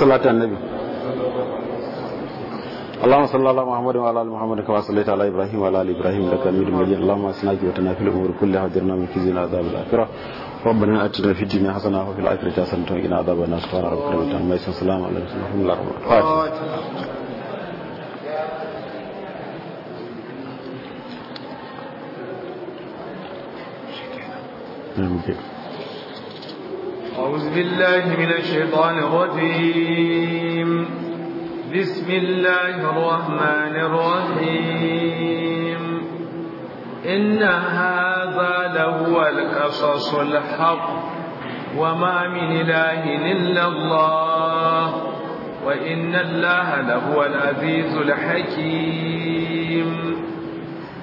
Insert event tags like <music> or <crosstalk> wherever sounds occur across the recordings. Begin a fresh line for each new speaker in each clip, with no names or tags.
صلاة النبي اللهم صل على محمد وعلى ال محمد كما صليت على ابراهيم وعلى ال ابراهيم انك حميد مجيد اللهم اسنا جوتنا في الامور كلها واجرنا من خزي عذاب الاخره ربنا اتنا في الدنيا حسنه وفي الاخره حسنه وقنا عذاب النار سبحان ربك رب العزه عما يصفون السلام عليكم ورحمه الله وبركاته Thank you.
أعوذ بالله من الشيطان الرجيم بسم الله الرحمن الرحيم إن هذا لهو القصص الحق وما من إله إلا الله وإن الله لهو العزيز الحكيم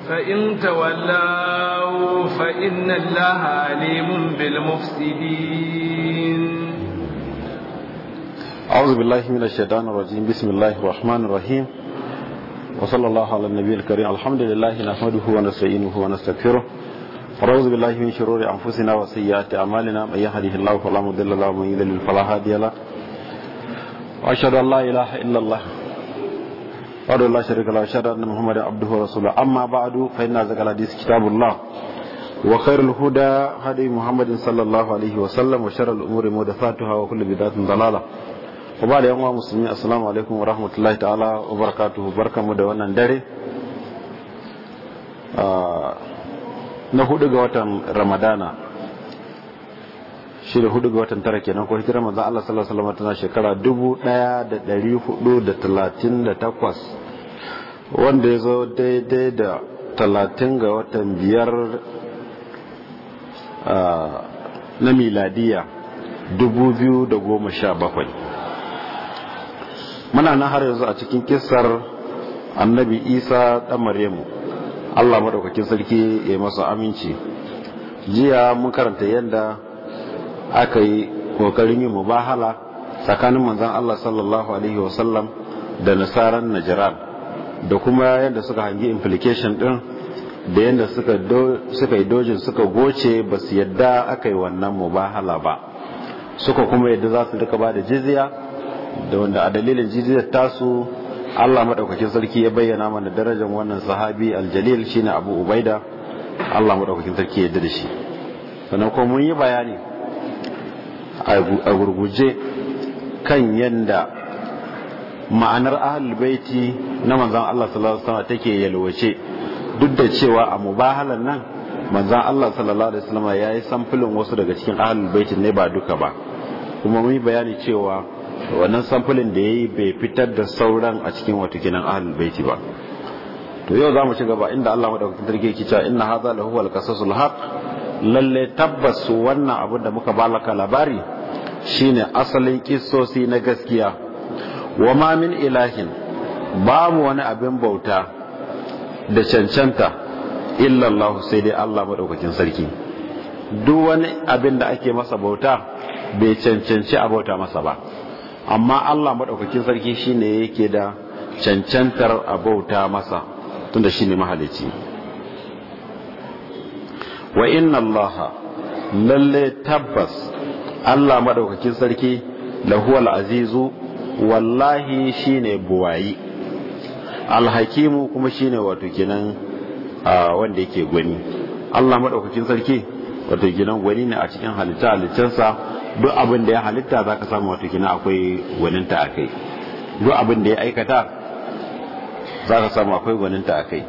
فإن تولوا فإن الله عليم بالمفسدين
أعوذ بالله من الشيطان الرجيم بسم الله الرحمن الرحيم وصلى الله على النبي الكريم الحمد لله نحمده ونستعينه ونستغفره ونعوذ بالله من شرور أنفسنا وسيئات أعمالنا من يهده الله فلا مضل له ومن يضلل فلا هادي له وأشهد أن لا إله إلا الله وأشهد الله شريك له وأشهد أن محمدا عبده ورسوله أما بعد فإن أزكى الحديث كتاب الله وخير الهدى هدي محمد صلى الله عليه وسلم وشر الأمور محدثاتها وكل بدعة ضلالة وبعد يوم مسلمين السلام عليكم ورحمة الله تعالى وبركاته بركة مدونة داري na hudu ga watan ramadana shi da hudu ga watan tara kenan ko hijirar manzon Allah sallallahu alaihi wasallam tana shekara takwas wanda ya zo daidai da talatin ga watan biyar na miladiya goma sha bakwai. muna nan har yanzu a cikin kisar annabi isa ɗan maryamu allah maɗaukakin sarki ya yi masa aminci jiya mun karanta yadda aka yi kokarin yin mubahala tsakanin manzon Allah sallallahu alaihi wasallam da nasarar najran da kuma yadda suka hangi implication din da yadda suka yi dojin suka goce ba su yadda aka yi wannan mubahala ba suka kuma yadda za su rika ba da jiziya. da wanda a dalilin ta tasu Allah maɗaukakin sarki ya bayyana mana darajar wannan sahabi aljalil shine abu ubaida Allah maɗaukakin sarki ya da shi sannan mun yi bayani a gurguje kan yadda ma'anar ahal baiti na manzan Allah sallallahu alaihi wasallam take yalwace duk da cewa a mubahalar nan manzan Allah sallallahu alaihi wasallam ya yi samfulin wasu daga cikin ahal baiti ne ba duka ba kuma mun bayani cewa wannan samfulin da ya yi bai fitar da sauran a cikin wato kinan ahal baiti ba to yau za mu ci gaba inda Allah madaukakin sarki yake cewa inna hadha lahu al-qasasul haqq lalle tabbas wannan abin da muka balaka labari shine asalin kissosi na gaskiya wa ma min ilahin babu wani abin bauta da cancanta illallahu sai dai Allah maɗaukakin sarki duk wani abin da ake masa bauta bai cancanci a bauta masa ba amma Allah maɗaukakin sarki shine yake da cancantar a bauta masa tunda shine mahalicci. wa inna allaha lalle tabbas Allah madaukakin sarki lahuwal azizu wallahi shine buwayi alhakimu kuma shine wato kenan wanda yake gwani Allah madaukakin sarki wato kenan gwani ne a cikin halitta halittarsa duk abin da ya halitta zaka samu wato kenan akwai gwaninta akai duk abin da ya aikata zaka samu akwai gwaninta akai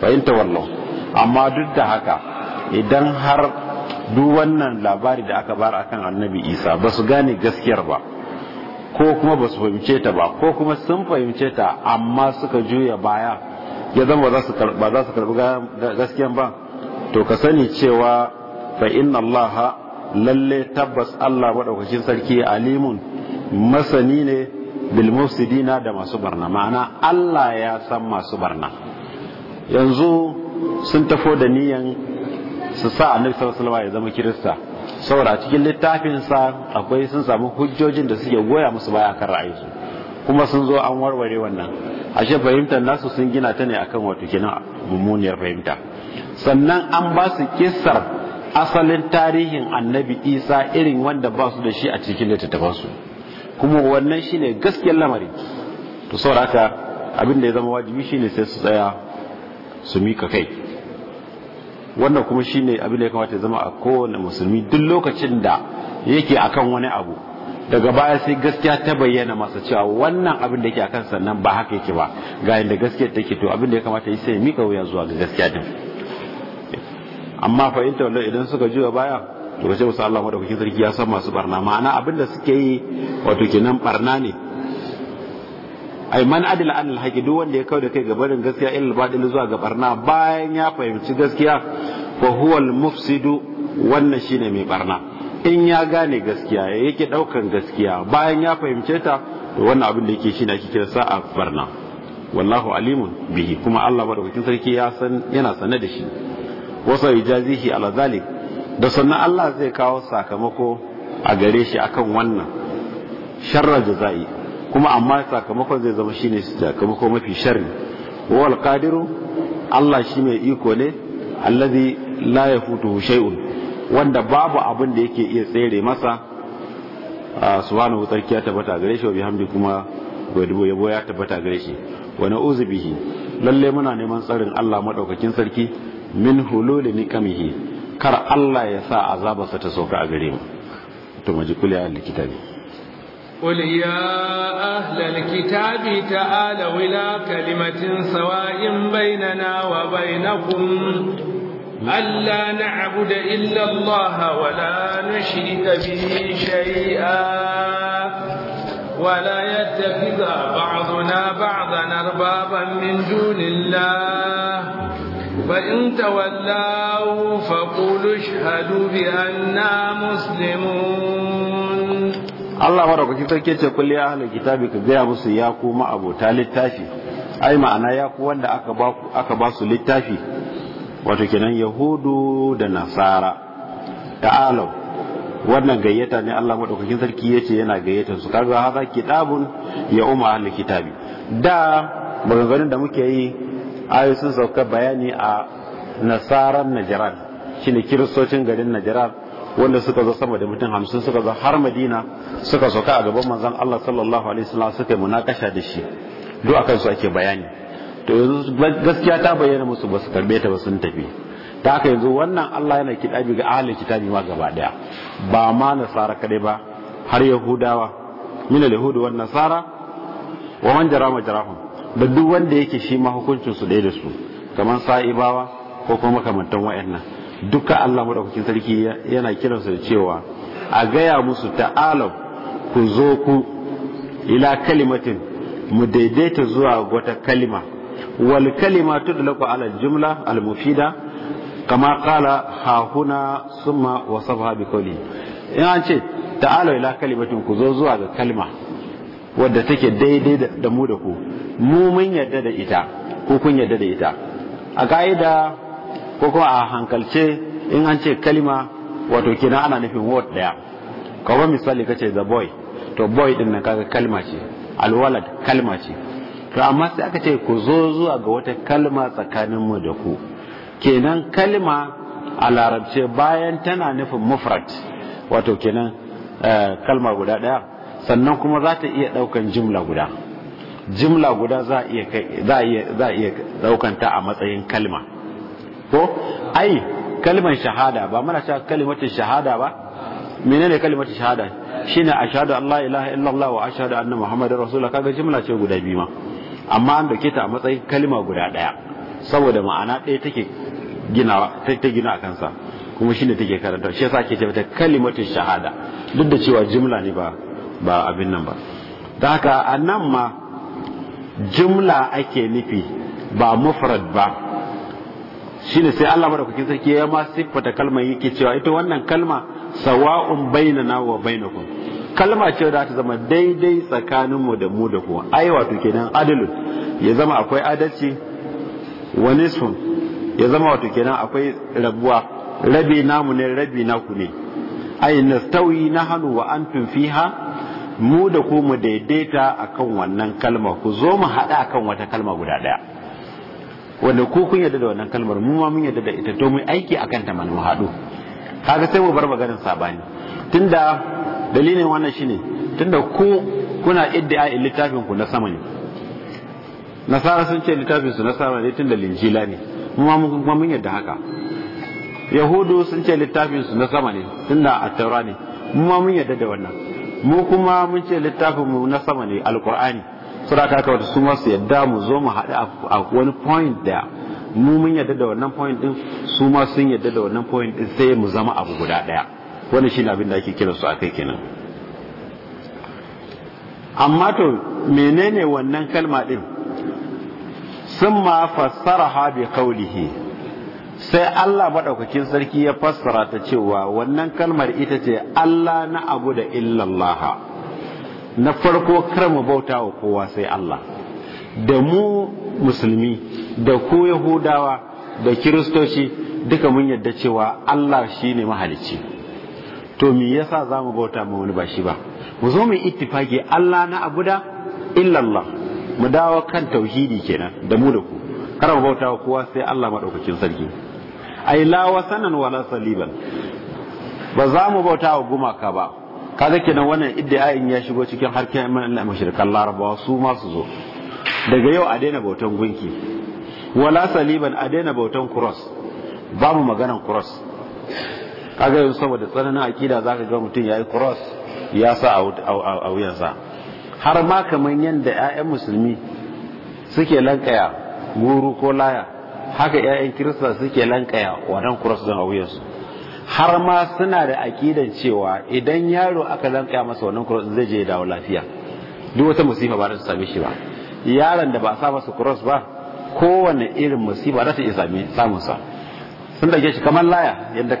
fahimta wallahu amma duk da haka idan har duk wannan labari da aka bar akan annabi isa ba su gane gaskiyar ba ko kuma ba su fahimce ta ba ko kuma sun fahimce ta amma suka juya baya ya zama ba za su karbi gaskiyan ba to ka sani cewa fa inna allaha lalle tabbas allah maɗaukakin sarki alimun masani ne bil mufsidina da masu barna ma'ana allah ya san masu barna yanzu sun tafo da niyan su sa annabi sallallahu alaihi wasallam ya zama kirista saboda cikin littafin akwai sun samu hujjojin da suke goya musu baya kan ra'ayinsu kuma sun zo an warware wannan ashe fahimtar nasu sun gina ta ne akan wato kenan mummuniyar fahimta sannan an ba su kissar asalin tarihin annabi isa irin wanda ba su da shi a cikin littattafansu kuma wannan shine gaskiyar lamari to saboda haka abin da ya zama wajibi shine sai su tsaya su mika kai wannan kuma shine abin da ya kamata zama a kowane musulmi duk lokacin da yake akan wani abu daga baya sai gaskiya ta bayyana masa cewa wannan abin da yake akan sannan ba haka yake ba ga inda gaskiya take to abin da ya kamata yi sai mika wuya zuwa ga gaskiya din amma fa wanda idan suka juya baya to kace musu Allah madaukakin sarki ya san masu barna ma'ana abin da suke yi wato kenan barna ne ai man adila an alhaqi duk wanda ya kawo da kai ga barin gaskiya ilal badil zuwa ga barna bayan ya fahimci gaskiya fa huwa mufsidu wannan shine mai barna in ya gane gaskiya yake daukan gaskiya bayan ya fahimce ta to wannan abin da yake shine ake kira sa'a barna wallahu alimun bihi kuma Allah madaukakin sarki ya san yana sane da shi wasa yajazihi ala zalik da sannan Allah zai kawo sakamako a gare shi akan wannan sharra jazai kuma amma sakamakon zai zama shine sakamako mafi sharri wal qadiru Allah shi mai iko ne allazi la yafutuhu shay'un wanda babu abin da yake iya tsere masa ah, subhanahu tsarki ya tabbata gare shi wa bihamdi kuma godibo yabo ya tabbata gare shi wa na'uzu bihi lalle muna neman tsarin Allah madaukakin sarki min hululi nikamihi kar Allah ya sa azabarsa ta sauka a gare mu to majikuli al-kitabi
قل يا أهل الكتاب تعالوا إلى كلمة سواء بيننا وبينكم ألا نعبد إلا الله ولا نشرك به شيئا ولا يتخذ بعضنا بعضا أربابا من دون الله فإن تولوا فقولوا اشهدوا بأننا مسلمون
Allah madaukakin sarki ce kulli ya ahlul kitabi ka gaya musu ya kuma abota littafi ai ma'ana ya ku wanda aka ba su littafi wato kenan yahudu da nasara ta'alau wannan gayyata ne Allah madaukakin sarki ya yace yana gayyata su kaga haza kitabun ya umma ahlul kitabi da maganganun da muke yi ayoyi sun sauka bayani a nasaran najran shine kiristocin garin najran wanda suka zo sama da mutum hamsin suka zo har madina suka sauka a gaban manzan Allah sallallahu alaihi wasallam suka yi munakasha da shi duk akan su ake bayani to yanzu gaskiya ta bayyana musu ba su karbe ta ba sun tafi ta haka yanzu wannan Allah yana kitabi ga ahlul kitabi ma gaba daya ba ma nasara kadai ba har yahudawa min al-yahudu wan nasara wa man jara da duk wanda yake shi ma hukuncin su da su kamar sa'ibawa ko kuma makamantan wayannan duka Allah madaukakin sarki yana kiransu da cewa a gaya musu ta'alau ku zo ku ila kalimatin mu daidaita zuwa wata kalima wal kalima tudlaku ala jumla al mufida kama kala hahuna huna summa wasafa bi qawli ina ce ta'alau ila kalimatin ku zo zuwa ga kalima wadda take daidai da mu da ku mu mun yarda da ita ko kun yarda da ita a ka'ida ko kuma a hankalce in an ce kalima wato kenan ana nufin word daya kawo misali kace the boy to boy din nan kaga kalma ce alwalad kalma ce to amma sai aka ce ku zo zuwa ga wata kalma tsakanin mu da ku kenan kalma a larabce bayan tana nufin mufrad wato kenan eh, kalma guda daya sannan kuma za ta iya daukan jimla guda jimla guda za a iya za a matsayin kalma ko ai kalmar shahada ba muna cewa kalmatin shahada ba menene kalmatin shahada shine ashhadu an la ilaha illallah wa ashhadu anna muhammadar rasulullah kaga jimla ce guda biyu ma amma an dauke ta a matsayin kalma guda daya saboda ma'ana ɗaya take ginawa ta gina a kansa kuma shine take karanta shi yasa ake ce mata kalimatu shahada duk da cewa jumla ne ba ba abin nan ba Da haka a nan ma jumla ake nufi ba mufrad ba shine sai Allah madaukakin sarki ya ma siffata kalmar yake cewa ita wannan kalma sawa'un na wa ku. kalma ce da ta zama daidai tsakaninmu da mu da kuwa ai wato kenan adalun ya zama akwai adalci wani sun. ya zama wato kenan akwai rabuwa rabi namu ne rabi naku ne ai nastawi hannu wa antum fiha mu da ku mu daidaita akan wannan kalma ku zo mu haɗa akan wata kalma guda ɗaya. wanda ko kun yarda da wannan kalmar mu ma mun yarda da ita to mu aiki akan ta mu haɗu kaga sai mu bar maganar sabani tunda dalilin wannan shine tunda ku kuna iddia littafin ku na sama ne nasara sun ce littafin su na sama ne tunda linjila ne mu ma mun mun yarda haka yahudu sun ce littafin su na sama ne tunda attaura ne mu ma mun yarda da wannan mu kuma mun ce littafin mu na sama ne alqur'ani saboda haka wata su masu yadda mu zo mu haɗu a wani point daya mu mun yadda da wannan point din su ma sun yadda da wannan point din sai mu zama abu guda ɗaya wani shi abin da ake kira su akai kenan amma to menene wannan kalma din summa ha bi qawlihi sai Allah madaukakin sarki ya fassara ta cewa wannan kalmar ita ce Allah na abu da illallah na farko kar mu bauta wa kowa sai Allah da mu musulmi da ku yahudawa da kiristoci duka mun yadda cewa Allah shine mahalicci to me yasa za mu bauta ma wani ba shi ba mu zo mu ittifaki Allah na abuda illallah mu dawo kan tauhidi kenan da mu da ku kar bauta wa kowa sai Allah madaukakin sarki ai la wasanan wala saliban ba za mu bauta wa gumaka ba kaga kenan wannan iddiayin ya shigo cikin harkar mana mashirkan larabawa su ma su zo daga yau a daina bautan gunki wala saliban a daina bautan cross ba mu maganan cross kaga yanzu saboda tsananin akida zaka ga mutum yayi cross ya sa a wuyansa har ma kaman yanda 'ya'yan musulmi suke lankaya guru ko laya haka 'ya'yan kirista suke lankaya wadan cross din a wuyansu har ma suna da aƙidan cewa idan yaro aka lanka masa wannan cross zai je dawo lafiya duk wata musifa ba za ta same shi ba yaron da ba sa masa cross ba kowane irin musiba za ta iya same samun sa sun dage shi kamar laya yadda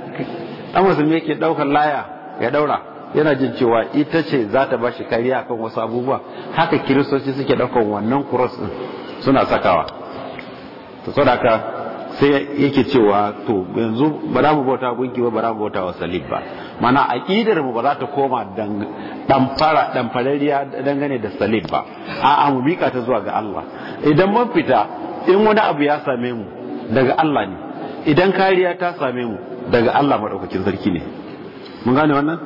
dan musulmi yake daukar laya ya ɗaura yana jin cewa ita ce za ta ba shi kariya kan wasu abubuwa haka kiristoci suke daukar wannan kuros din suna sakawa to saboda sai yake cewa to yanzu ba za mu bauta gunki ba ba za mu bauta wa salib ba mana aqidar mu ba za ta koma dan fara dan farariya dangane da salib ba a'a mu mika ta zuwa ga Allah idan mun fita in wani abu ya same mu daga Allah ne idan kariya ta same mu daga Allah madaukakin sarki ne mun gane wannan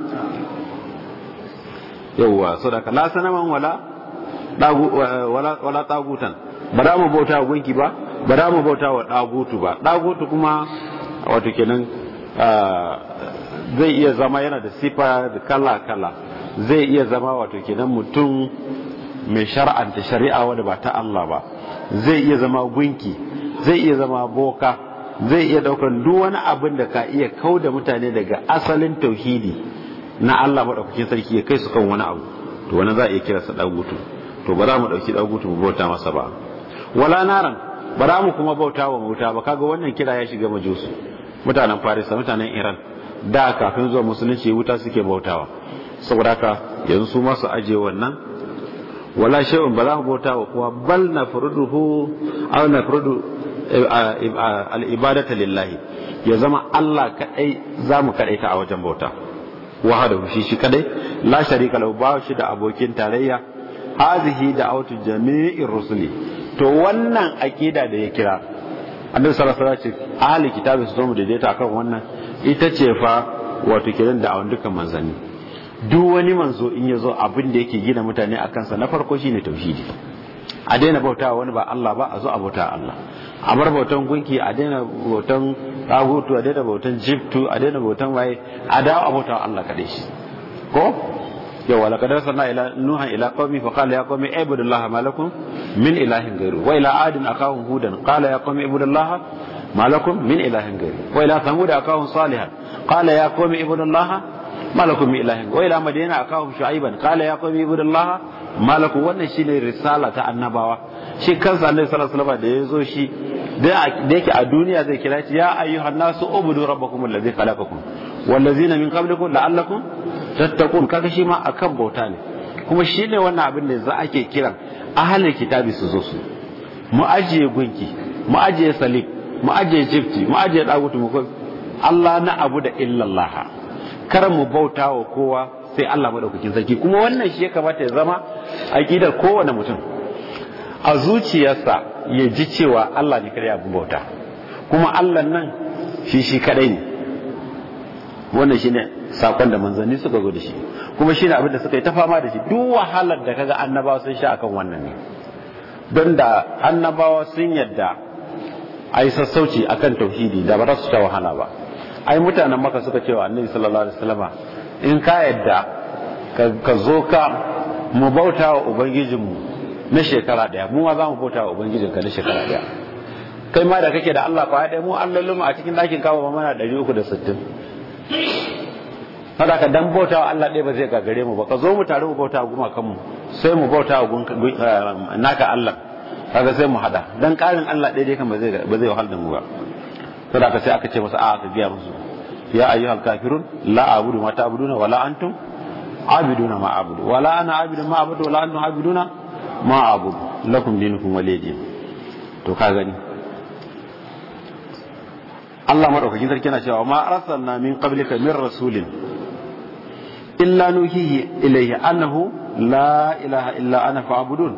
yawwa sadaka la sanaman wala Eh, wala tagutan ba za mu bauta wa gunki ba ba za mu bauta wa dagutu ba dagutu kuma wato kenan eh, zai iya zama yana da sifa da kala kala zai iya zama wato kenan mutum mai shar'anta shari'a wadda ba ta Allah ba zai iya zama gunki zai iya zama boka zai iya daukan duk wani abin da ka iya kauda mutane daga asalin tauhidi na Allah maɗaukakin sarki ya kai su kan wani abu to wani za a iya kira sa ɗagutu to ba za mu ɗauki ɗagutu mu bauta masa ba wala naran ba za mu kuma bauta wa wuta ba kaga wannan kira ya shiga majusu mutanen farisa mutanen iran da kafin zuwa musulunci wuta suke bautawa saboda ka yanzu su masu aje wannan wala shay'un ba za mu bauta wa kuwa bal furuduhu aw furudu eh, eh, ah, al-ibadata lillahi ya zama Allah kadai za mu ta a wajen bauta wahadahu shi shi kadai la sharika lahu ba shi da abokin tarayya hazihi autu jami'ir rusuli to wannan aqida da ya kira annabi sallallahu alaihi wasallam ce ahli kitabi su zama mu daidaita akan wannan ita ce fa wato kiran da awon dukkan manzanni duk wani manzo in ya zo abin da yake gina mutane a kansa na farko shine tauhidi a daina bauta wani ba Allah ba a zo a bauta Allah a bar bautan gunki a daina bautan rahutu a daina bautan jiftu a daina bautan waye a dawo a bauta Allah kadai shi ko yawa laqad arsalna ila nuha ila qaumi fa qala ya qaumi ibudullaha ma lakum min ilahin ghayru wa ila adin akahum hudan qala ya qaumi ibudullaha ma lakum min ilahin ghayru wa ila thamud akahum salihan qala ya qaumi ibudullaha ma lakum min ilahin wa ila madina akahum shu'aiban qala ya qaumi ibudullaha ma lakum wannan shine risala ta annabawa shi kansa annabi sallallahu alaihi wasallam da yazo shi da yake a duniya zai kira shi ya ayyuhan nasu ubudu rabbakum alladhi khalaqakum wallazina min qablikum la'allakum tattaqun kaga shi ma akan bauta ne kuma shi ne wannan abin da za ake kiran ahalin kitabi su zo su mu ajiye gunki mu ajiye salib mu ajiye jifti mu ajiye dagutu mu Allah na abu da illallah kar mu bauta wa kowa sai Allah madaukakin sarki kuma wannan shi ya kamata ya zama aqidar kowane mutum a zuciyarsa ya ji cewa Allah ne kare abin bauta kuma Allah nan shi shi kadai ne wannan shine sakon da manzanni suka zo da shi kuma shine abin da suka yi ta fama da shi duk wahalar da kaga annabawa sun sha akan wannan ne don da annabawa sun yadda yi sassauci akan tauhidi da ba su ta wahala ba ai mutanen maka suka cewa annabi sallallahu alaihi wasallama in ka yadda ka zo ka mu bauta wa ubangijinmu na shekara daya mu ma za mu bauta wa ubangijinka na shekara daya kai ma da kake da Allah kwaya ɗaya mu allolin a cikin ɗakin kawo mana sittin. kada ka dan bauta wa Allah ɗaya ba zai gagare mu ba ka zo mu tare mu bauta guma mu sai mu bauta wa eh, naka Allah kaga sai mu hada dan karin Allah ɗaya dai kan ba zai ba zai wahal da mu ba kada ka sai aka ce masa a ka giya musu ya ayyuhal kafirun la a'budu ma ta'buduna wala antum abiduna ma a'budu wala ana a'budu ma a'budu wala antum abiduna ma a'budu lakum dinukum waliyadin to ka gani Allah madaukakin sarki yana cewa ma arsalna min qablika min rasulin illa nuhihi ilayhi annahu la ilaha illa ana fa'budun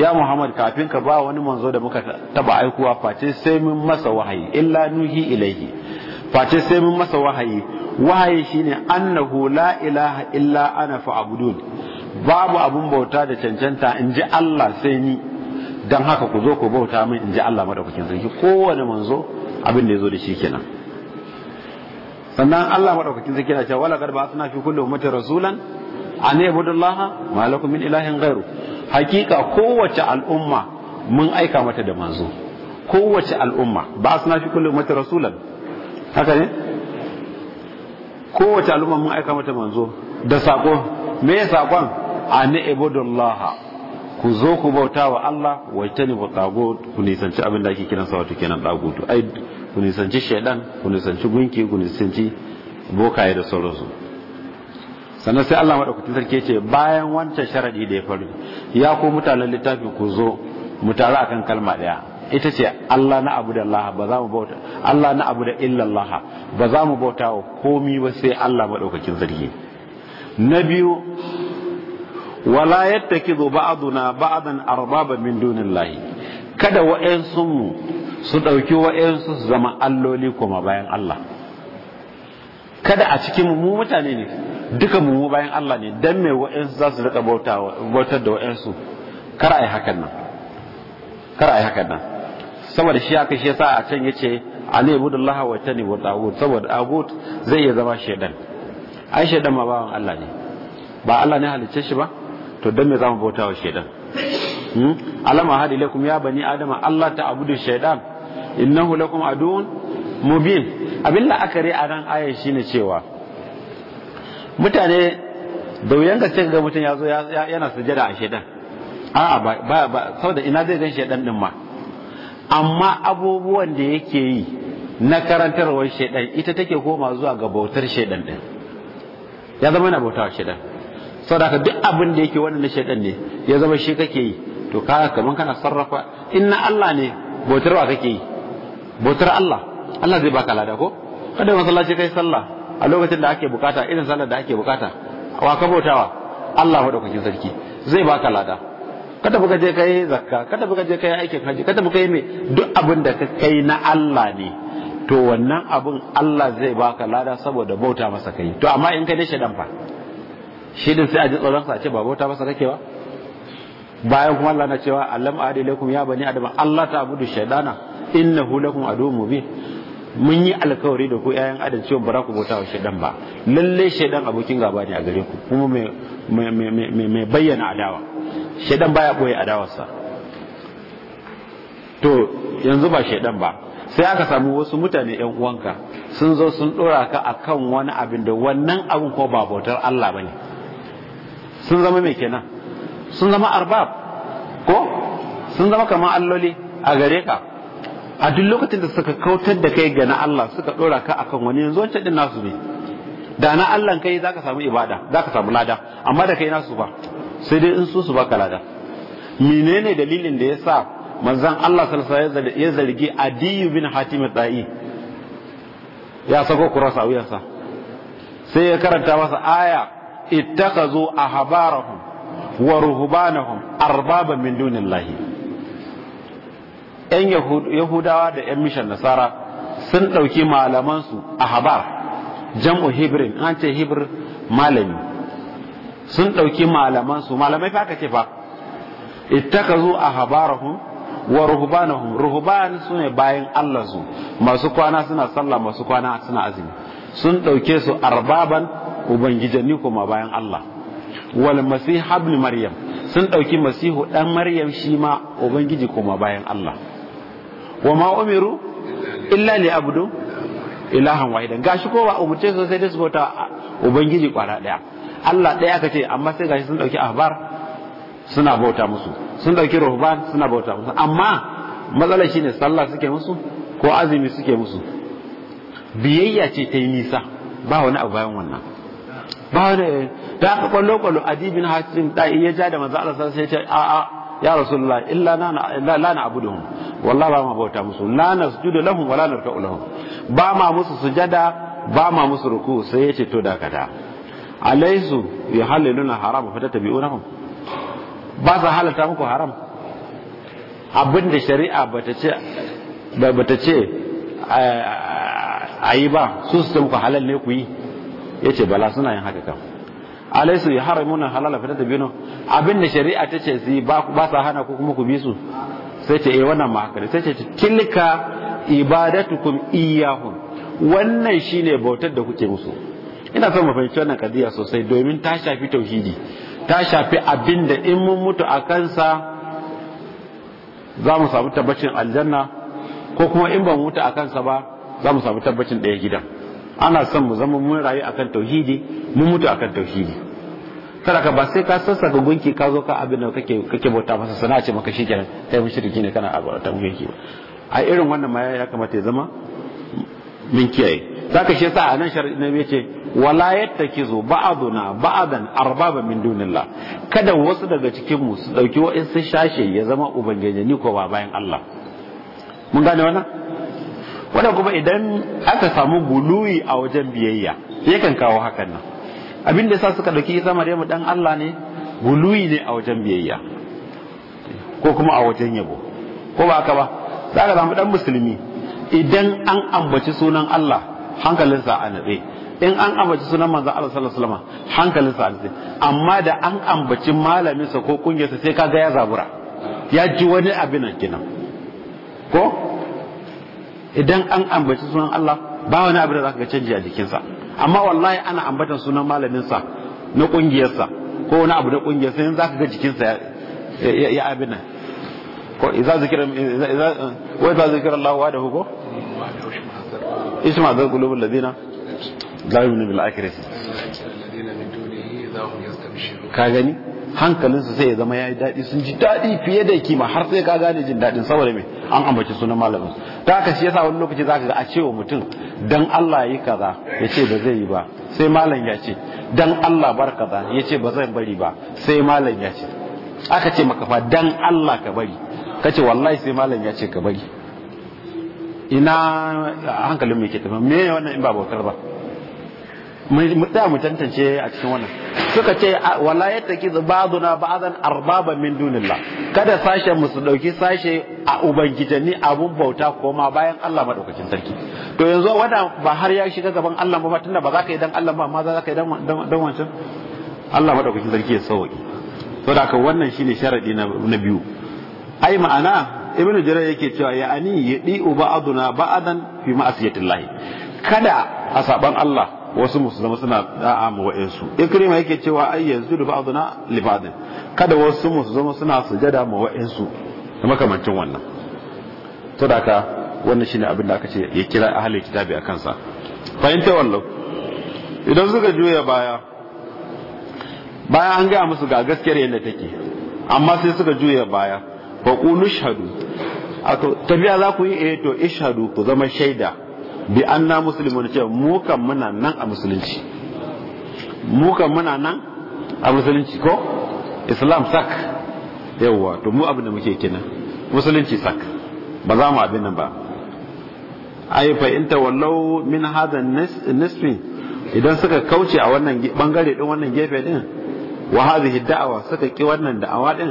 ya Muhammad kafin ka ba wani manzo da muka taba aikuwa face sai mun masa wahayi illa nuhi ilayhi face sai mun masa wahayi wahayi shine annahu la ilaha illa ana fa'budun babu abun bauta da cancanta in ji Allah sai ni dan haka ku zo ku bauta min in ji Allah madaukakin sarki kowane manzo abin da ya zo da shi kenan sannan Allah madaukakin zai kira cewa wala garba asna fi kulli ummatin rasulan an yabudullaha ma lakum min ilahin ghairu hakika kowace al'umma mun aika mata da manzo kowace al'umma ba asna fi kulli ummatin rasulan haka ne kowace al'umma mun aika mata manzo da sako me ya sakon an yabudullaha ku zo ku bauta wa Allah wa tani ku nisanci abin da ake kiransa wato kenan dagutu ai ku nisanci shaidan ku nisanci gunki ku nisanci bokaye da sauransu sannan sai Allah madaukakin sarki ce bayan wancan sharadi da ya faru ya ku mutanen littafi ku zo mu taru akan kalma daya ita ce Allah na abu da Allah ba za mu bauta Allah na abu da illa ba za mu bauta wa komi ba sai Allah madaukakin sarki na biyu wala yattakidu ba'duna ba'dan arbaba min dunillahi kada wa'ansu su ɗauki wa'yansu su zama alloli kuma bayan Allah kada a cikin mu mutane ne duka mu bayan Allah ne dan me wa'yansu za su rika bautar da wa'yansu kar a yi hakan nan kar a yi hakan nan saboda shi aka shi yasa a can yace ali ibudullah wa tani wa dawud saboda agut zai iya zama shedan ai shedan ma bawan Allah ne ba Allah ne halicce shi ba to dan me mu bauta wa shedan hmm? alama hadi lakum ya bani adama Allah ta abudu shaidan innahu lakum aduun mubin abin la'akari a nan ayan shine cewa mutane da wuyan gaske ga mutum ya zo yana sujada a shedan a'a ba ba saboda ina zai gan shaidan din ma amma abubuwan da yake yi na karantarwar shaidan ita take koma zuwa ga bautar shaidan din ya zama yana sau da saboda duk abin da yake wannan shaidan ne ya zama shi kake yi to kaga kaman kana sarrafa inna Allah ne bautarwa kake yi bautar Allah Allah zai baka lada ko kada masallaci kai sallah a lokacin da ake bukata irin sallar da ake bukata wa ka bautawa Allah madaukakin sarki zai baka lada kada buka je kai zakka kada buka je kai aikin haji kada buka yi me duk abin da ka kai na Allah ne to wannan abin Allah zai baka lada saboda bauta masa kai to amma in kai dai shedan fa shedan sai a ji tsoron sa ce ba bauta masa kake ba bayan kuma Allah na cewa alam adi ya bani adam Allah ta abudu shaydana innahu lakum adu mubin mun yi alkawari da ku ƴaƴan adam cewa ba za ku bauta wa shaidan ba lalle shaidan abokin gaba ne a gare ku kuma mai bayyana adawa shaidan baya boye adawarsa to yanzu ba shaidan ba sai aka samu wasu mutane ƴan uwanka sun zo sun dora ka akan wani abin da wannan abin ko ba bautar Allah bane sun zama mai kenan sun zama arbab ko sun zama kamar alloli a gare ka a duk lokacin da suka kautar da kai ga na Allah suka dora ka akan wani yanzu wancan din nasu ne da na Allah kai zaka samu ibada zaka samu lada amma da kai nasu ba sai dai in su su baka lada menene dalilin da yasa manzon Allah sallallahu alaihi wasallam ya zargi Adi bin Hatim Ta'i ya sako kurasa wuyansa sai ya karanta masa aya ittakazu ahbarahum wa ruhbanahum arbaba min dunillahi 'yan yahudawa da 'yan mishan nasara sun ɗauki malamansu a habar jam'u hibirin an ce hibir malami sun ɗauki malamansu malamai fa aka ce fa ittakazu a habarahum wa ruhbanahum ruhban su ne bayan Allah masu kwana suna sallah masu kwana suna azumi sun ɗauke su arbaban ubangijanni kuma bayan Allah wal masih ibn maryam sun ɗauki masihu ɗan maryam shi ma ubangiji kuma bayan Allah wa ma umiru illa li abdu ilahan wahidan gashi kowa ba umurce su sai su bota ubangiji kwara daya Allah daya aka ce amma sai gashi sun dauki ahbar suna bauta musu sun dauki ruhban suna bauta musu amma matsalar shine sallah suke musu ko azumi suke musu biyayya ce ta yi nisa ba wani abu bayan wannan ba wani da aka kwallo kwallo adibin hatim da iya ja da manzo Allah sai ce a'a ya rasulullah illa la da na'buduhum wallahi ba ma bauta musu la nasjudu lahum wala la narka'u lahum ba ma musu sujada ba ma musu ruku sai yace to da kada alaisu nuna haram fa tatabi'unahum ba sa halata muku haram abinda shari'a bata ce bata ce ayi ba su su muku halal ne ku yi yace bala suna yin haka kan alaisu ya haramuna halala fitar da bino abin da shari'a ta ce su ba sa hana ku kuma ku bi su sai ce eh wannan ma haka sai ce tilka ibadatukum iyyahum wannan shine bautar da kuke musu ina son mu fahimci wannan kadiya sosai domin ta shafi tauhidi ta shafi abin da in mun mutu a kansa za mu samu tabbacin aljanna ko kuma in ba mu mutu a kansa ba za mu samu tabbacin ɗaya gidan ana son mu zama mun rayu akan tauhidi mun mutu akan tauhidi saraka ba sai ka sassa sassaka gunki ka zo ka abin da kake kake bauta masa sana ce maka shikenan kai shirki ne kana ta gunki a irin wannan ma ya kamata ya zama min kiyaye zaka shi yasa anan shar'i na yace wala yattakizu ba'duna ba'dan arbaba min dunillah kada wasu daga cikin mu su dauki wa'insu shashe ya zama ubangiji ni ko ba bayan Allah mun gane wannan wannan kuma idan aka samu guluwi a wajen biyayya yakan kawo hakan nan abin da sa suka dauki Isa Maryamu dan Allah ne guluyi ne a wajen biyayya ko kuma a wajen yabo ko ba haka ba za ka samu dan musulmi idan an ambaci sunan Allah hankalinsa a natse in an ambaci sunan manzon Allah sallallahu alaihi wasallam hankalinsa a natse amma da an ambaci malaminsa ko kungiyarsa sai kaga ya zabura ya ji wani abin nan kenan ko idan an ambaci sunan Allah ba wani abin da za ka ga canji a jikinsa amma wallahi ana ambatan sunan malaminsa na kungiyarsa ko wani abu na kungiyarsa za ka ga jikinsa ya abin nan ko iza zikira iza wai idza zikira Allah wa dahu ko isma da qulubul ladina la yu'minu bil akhirati ka gani hankalinsu sai ya zama ya yi daɗi sun ji daɗi fiye da kima har sai ka gane jin daɗin saboda mai an ambaci sunan malamin ta haka shi yasa wani lokaci zaka ga a cewa mutum dan Allah yi kaza ya ce ba zai yi ba sai malam ya ce dan Allah bar kaza ya ce ba zan bari ba sai malam ya ce aka ce maka fa dan Allah ka bari ka ce wallahi sai malam ya ce ka bari ina hankalin mai ke tafi me wannan in ba bautar ba mu tsaya mu tantance a cikin wannan suka ce wala yattakizu ba'duna ba'dan arbaba min dunilla kada sashe mu su dauki sashe a ubangijanni abun bauta koma bayan Allah madaukakin sarki to yanzu wannan ba har ya shiga gaban Allah ba tunda ba za ka yi dan Allah ba amma za ka yi dan wancan Allah madaukakin sarki ya sauki to da haka wannan shine sharadi na biyu ai ma'ana ibnu jarir yake cewa ya ani yadi ba'duna zan fi ma'asiyatillah kada a saban Allah wasu musu zama suna da'a ma wa'insu ikrima yake cewa ai yanzu da ba'duna li ba'din kada wasu musu zama suna sujada ma wa'insu da makamancin wannan to da ka wannan shine abin da aka ce ya kira ahli kitabi a kansa fahimta wannan idan suka juya baya baya an gaya musu ga gaskiyar yadda take amma sai suka juya baya fa qulu shahadu to tabiya za ku yi eh to ishadu ku zama shaida bi anna muslimun cewa mu kan muna nan a musulunci mu kan muna nan a musulunci ko islam sak yawwa to mu abin da muke kenan musulunci sak ba za mu abin nan ba ai fa in wallau min hadha nisfi idan suka kauce a wannan bangare din wannan gefe din wa hadhihi da'awa suka ki wannan da'awa din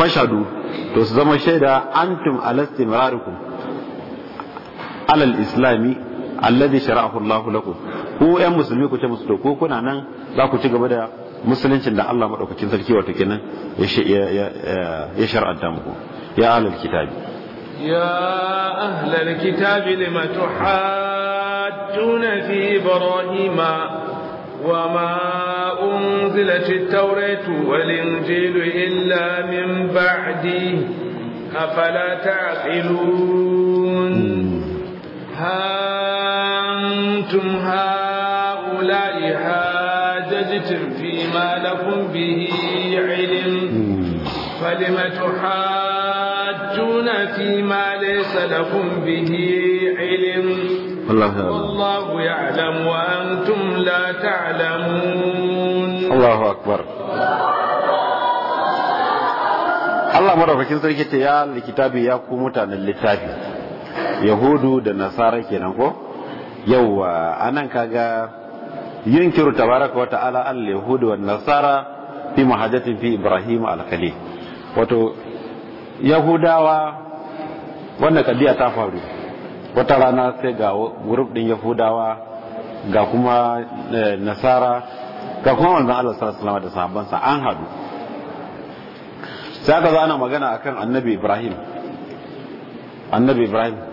fashadu to su zama shaida antum alastimrarikum alal islami alladhi shara'ahu Allah lakum ko ƴan musulmi ku ce musu to ko kuna nan za ku ci gaba da musuluncin da Allah madaukakin sarki wato kenan ya shar'anta muku ya alal kitabi
ya ahlal kitabi lima tuhadduna fi ibrahima وما أنزلت التوراة والإنجيل إلا من بعده أفلا تعقلون أنتم هؤلاء حاججتم فيما لكم به علم فلم تحاجون فيما ليس لكم به علم الله والله يعلم وأنتم لا تعلمون الله
أكبر الله maraukakin sarki ce يا likitabi للتابي yahudu da nasara kenan ko yawwa anan kaga yunkiru tabaraka wa ta'ala al yahudu wa nasara fi mahajatin fi ibrahim al khalil wato yahudawa wannan kadiya ta faru wata rana sai ga group din yahudawa ga kuma eh, nasara ga kuma manzon Allah sallallahu alaihi da sahabbansa an hadu sai aka zo ana magana akan annabi ibrahim annabi ibrahim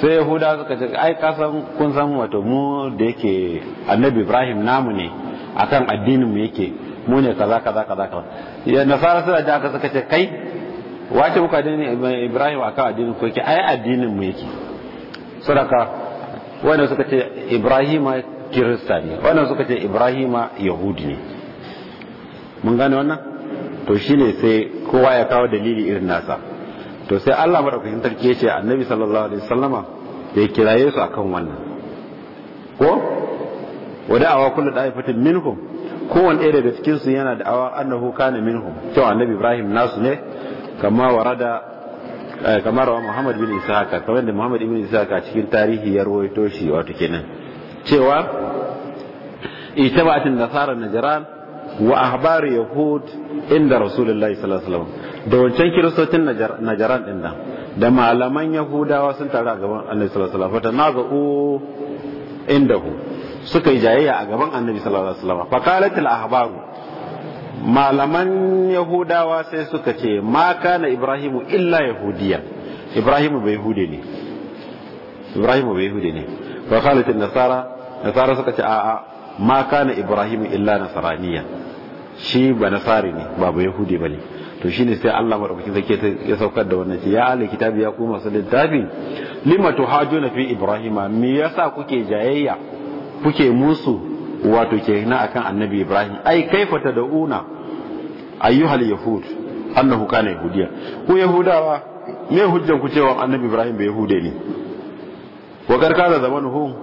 sai yahuda suka ce ai kasan kun san wato mu da yake annabi ibrahim namu ne akan addinin mu yake mu ne kaza kaza kaza kaza ya nasara suna da aka suka ce kai wace muka dani ibrahim akan addinin ku yake ai addinin mu yake sadaka wanda suka ce ibrahima kirista ne wanda suka ce ibrahima yahudi ne mun gane wannan to shine sai kowa ya kawo dalili irin nasa to sai Allah madaukakin tarki ya ce annabi sallallahu alaihi wasallama ya kiraye su akan wannan ko wada'awa kullu da'ifatin minhum kowane ɗaya daga cikin su yana da awa annahu kana minhum cewa annabi Ibrahim nasu ne kama warada eh, kamar rawa Muhammad bin Ishaq kamar da Muhammad bin cikin tarihi ya rawaito shi wato kenan cewa ita itabatin nasara najran wa ahbar yahud inda rasulullahi sallallahu alaihi wasallam da wancan kiristocin najaran din nan da malaman yahudawa sun taru a gaban annabi sallallahu alaihi wasallam fa inda indahu suka yi jayayya a gaban annabi sallallahu alaihi wasallam fa qalat al ahbaru malaman yahudawa sai suka ce ma kana ibrahimu illa yahudiya ibrahimu bai hude ne ibrahimu bai hude ne fa qalat an nasara nasara suka ce a'a ma kana ibrahim illa nasraniya shi ba nasari ne ba ba yahudi bane to shine sai Allah madaukakin sarki ya saukar da wannan ya ahli kitabi ya kuma masu littafi limatu hajuna fi ibrahima me yasa kuke jayayya kuke musu wato ke na akan annabi ibrahim ai kaifa tad'una ayyuhal yahud annahu kana yahudiya ku yahudawa me hujjan ku cewa annabi ibrahim bai yahude ne wa karkaza zamanuhu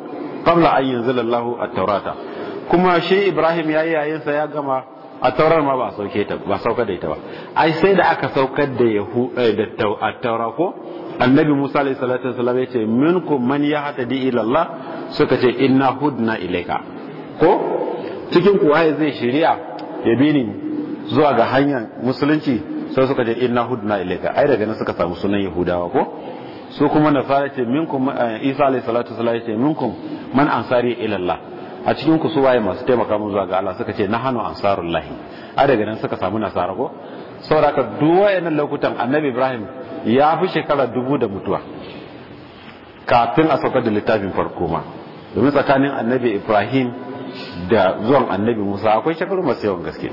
qabla an yanzila at-taurata kuma shi Ibrahim ya yi yayinsa ya gama a taurar ma ba sauke ta ba da ita ba ai sai da aka saukar da yahu eh, da taura ko annabi Musa alayhi salatu wasallam yace minkum man yahtadi ila Allah suka ce inna hudna ilayka ko cikin ku waye zai shiriya ya bi ni zuwa ga hanyar musulunci sai suka ce inna hudna ilayka ai daga nan suka samu sunan yahudawa ko su kuma nasara ce minkum eh, isa alayhi salatu wasallam yace minkum man ansari ila Allah a cikin ku waye masu taimaka mu zuwa ga Allah suka ce na nahanu ansarullahi a daga nan suka samu nasara ko saboda ka duwayen lokutan annabi Ibrahim ya fi shekara dubu da mutuwa kafin a saukar da littafin farko ma domin tsakanin annabi Ibrahim da zuwan annabi Musa akwai shekaru masu yawan gaske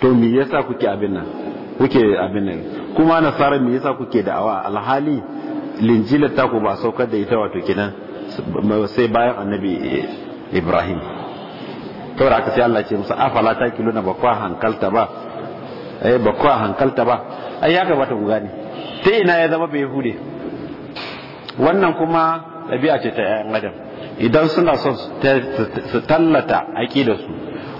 to me yasa kuke abin nan kuke abin nan kuma nasara me yasa kuke awa alhali ta ku ba saukar da ita wato kenan sai bayan annabi eh, ibrahim saboda aka sai Allah ce musu afala ta kilo ba kwa hankalta ba eh ba hankal hankalta ba ai ya kamata ku gane ta ina ya zama bai hude wannan kuma ɗabi'a ce ta ƴaƴan adam idan suna son su tallata aƙidarsu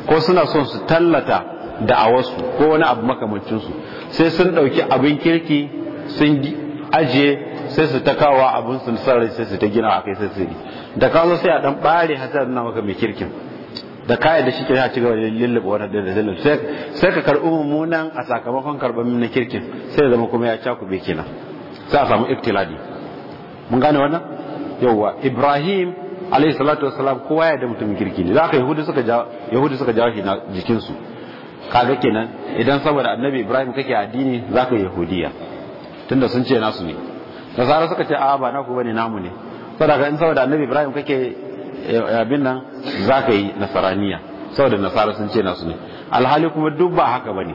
ko suna son su tallata da'awarsu ko wani abu makamancinsu sai sun ɗauki abin kirki sun ajiye sai su ta kawo abun sun sarai sai su ta gina a kai sai da ka zo sai a dan bare hasar na maka mai kirkin da kayan da shi ke ya ci gaba da lullube wani da sai ka karɓi mummunan a sakamakon karɓar na kirkin sai zama kuma ya cakube kenan sai a samu iftiladi mun gane wannan yawwa ibrahim alayhi salatu wassalam kowa ya da mutumin kirki ne za ka yahudu suka jawo shi na jikinsu kaga kenan idan saboda annabi ibrahim kake addini za ka yahudiya tunda sun ce nasu ne nasara suka ce a ba ku bane namu ne saboda in saboda annabi ibrahim kake eh, abin nan za ka yi nasaraniya saboda nasara sun ce nasu ne alhali kuma duk ba haka bane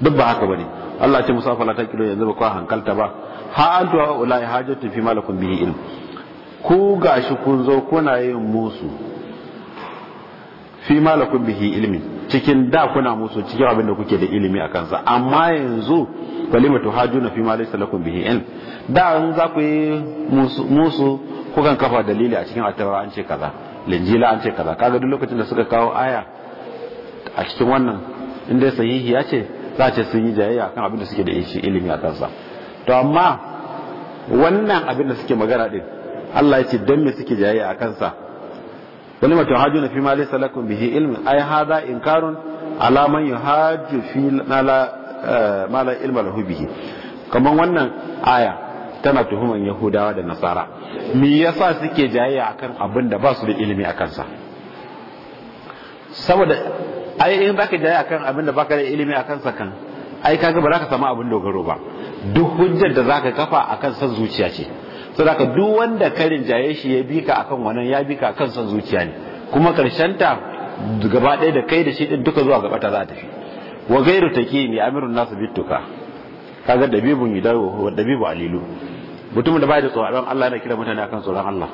duk ba haka bane Allah ce musa fala kilo yanzu ba ku hankalta ba ha antu wa ulai hajatu fi malakum bihi ilm ku gashi kun zo kuna yin musu fi malakum bihi ilmin cikin da kuna musu cikin abin da kuke da ilimi a kansa amma yanzu haju na fi ma salakun bihi in da an za ku yi musu kukan kafa dalili a cikin attaura an ce kaza linjila an ce kaza kaga duk lokacin da suka kawo aya a cikin wannan inda ya sahihi ya ce za ce sun yi jayayya kan abin da suke da ilimi a kansa to amma wannan abin da suke magana din Allah ya ce dan me suke jayayya a kansa wani mata hajju na fi ma laysa lakum bihi ilm ai hada inkarun ala man yuhajju fi eh, ma la ilma lahu bihi kaman wannan aya tana tuhuman yahudawa da nasara me yasa suke jayayya akan abin da ba su da ilimi a kansa saboda ai in baka jayayya akan abin da baka da ilimi a kansa kan ai kaga ba za ka samu abin dogaro ba duk hujjar da zaka kafa akan san zuciya ce saboda duk wanda karin jaye shi ya bi ka akan wannan ya bi ka kan son zuciya ne kuma karshen ta gaba ɗaya da kai da shi din duka zuwa gaba ta za ta fi wa gairu ni amirun nasu bittuka kaga dabibun dawo wa dabibu alilu mutumin da ba da tsoron Allah yana kira mutane akan tsoron Allah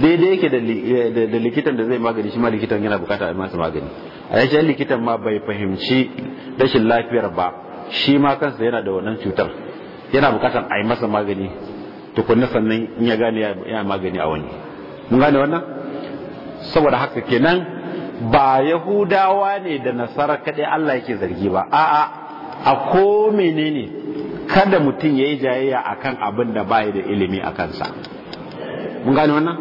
daidai yake da likitan da zai magani shi ma likitan yana bukata a masa magani a yashin likitan ma bai fahimci rashin lafiyar ba shi ma kansa yana da wannan cutar yana bukatar a yi masa magani tukunna sannan in ya gane ya magani a wani mun gane wannan saboda haka kenan ba yahudawa ne da nasara kaɗai Allah yake zargi ba a'a a ko menene kada mutum ya yi jayayya akan abin da ba da ilimi a kansa mun gane wannan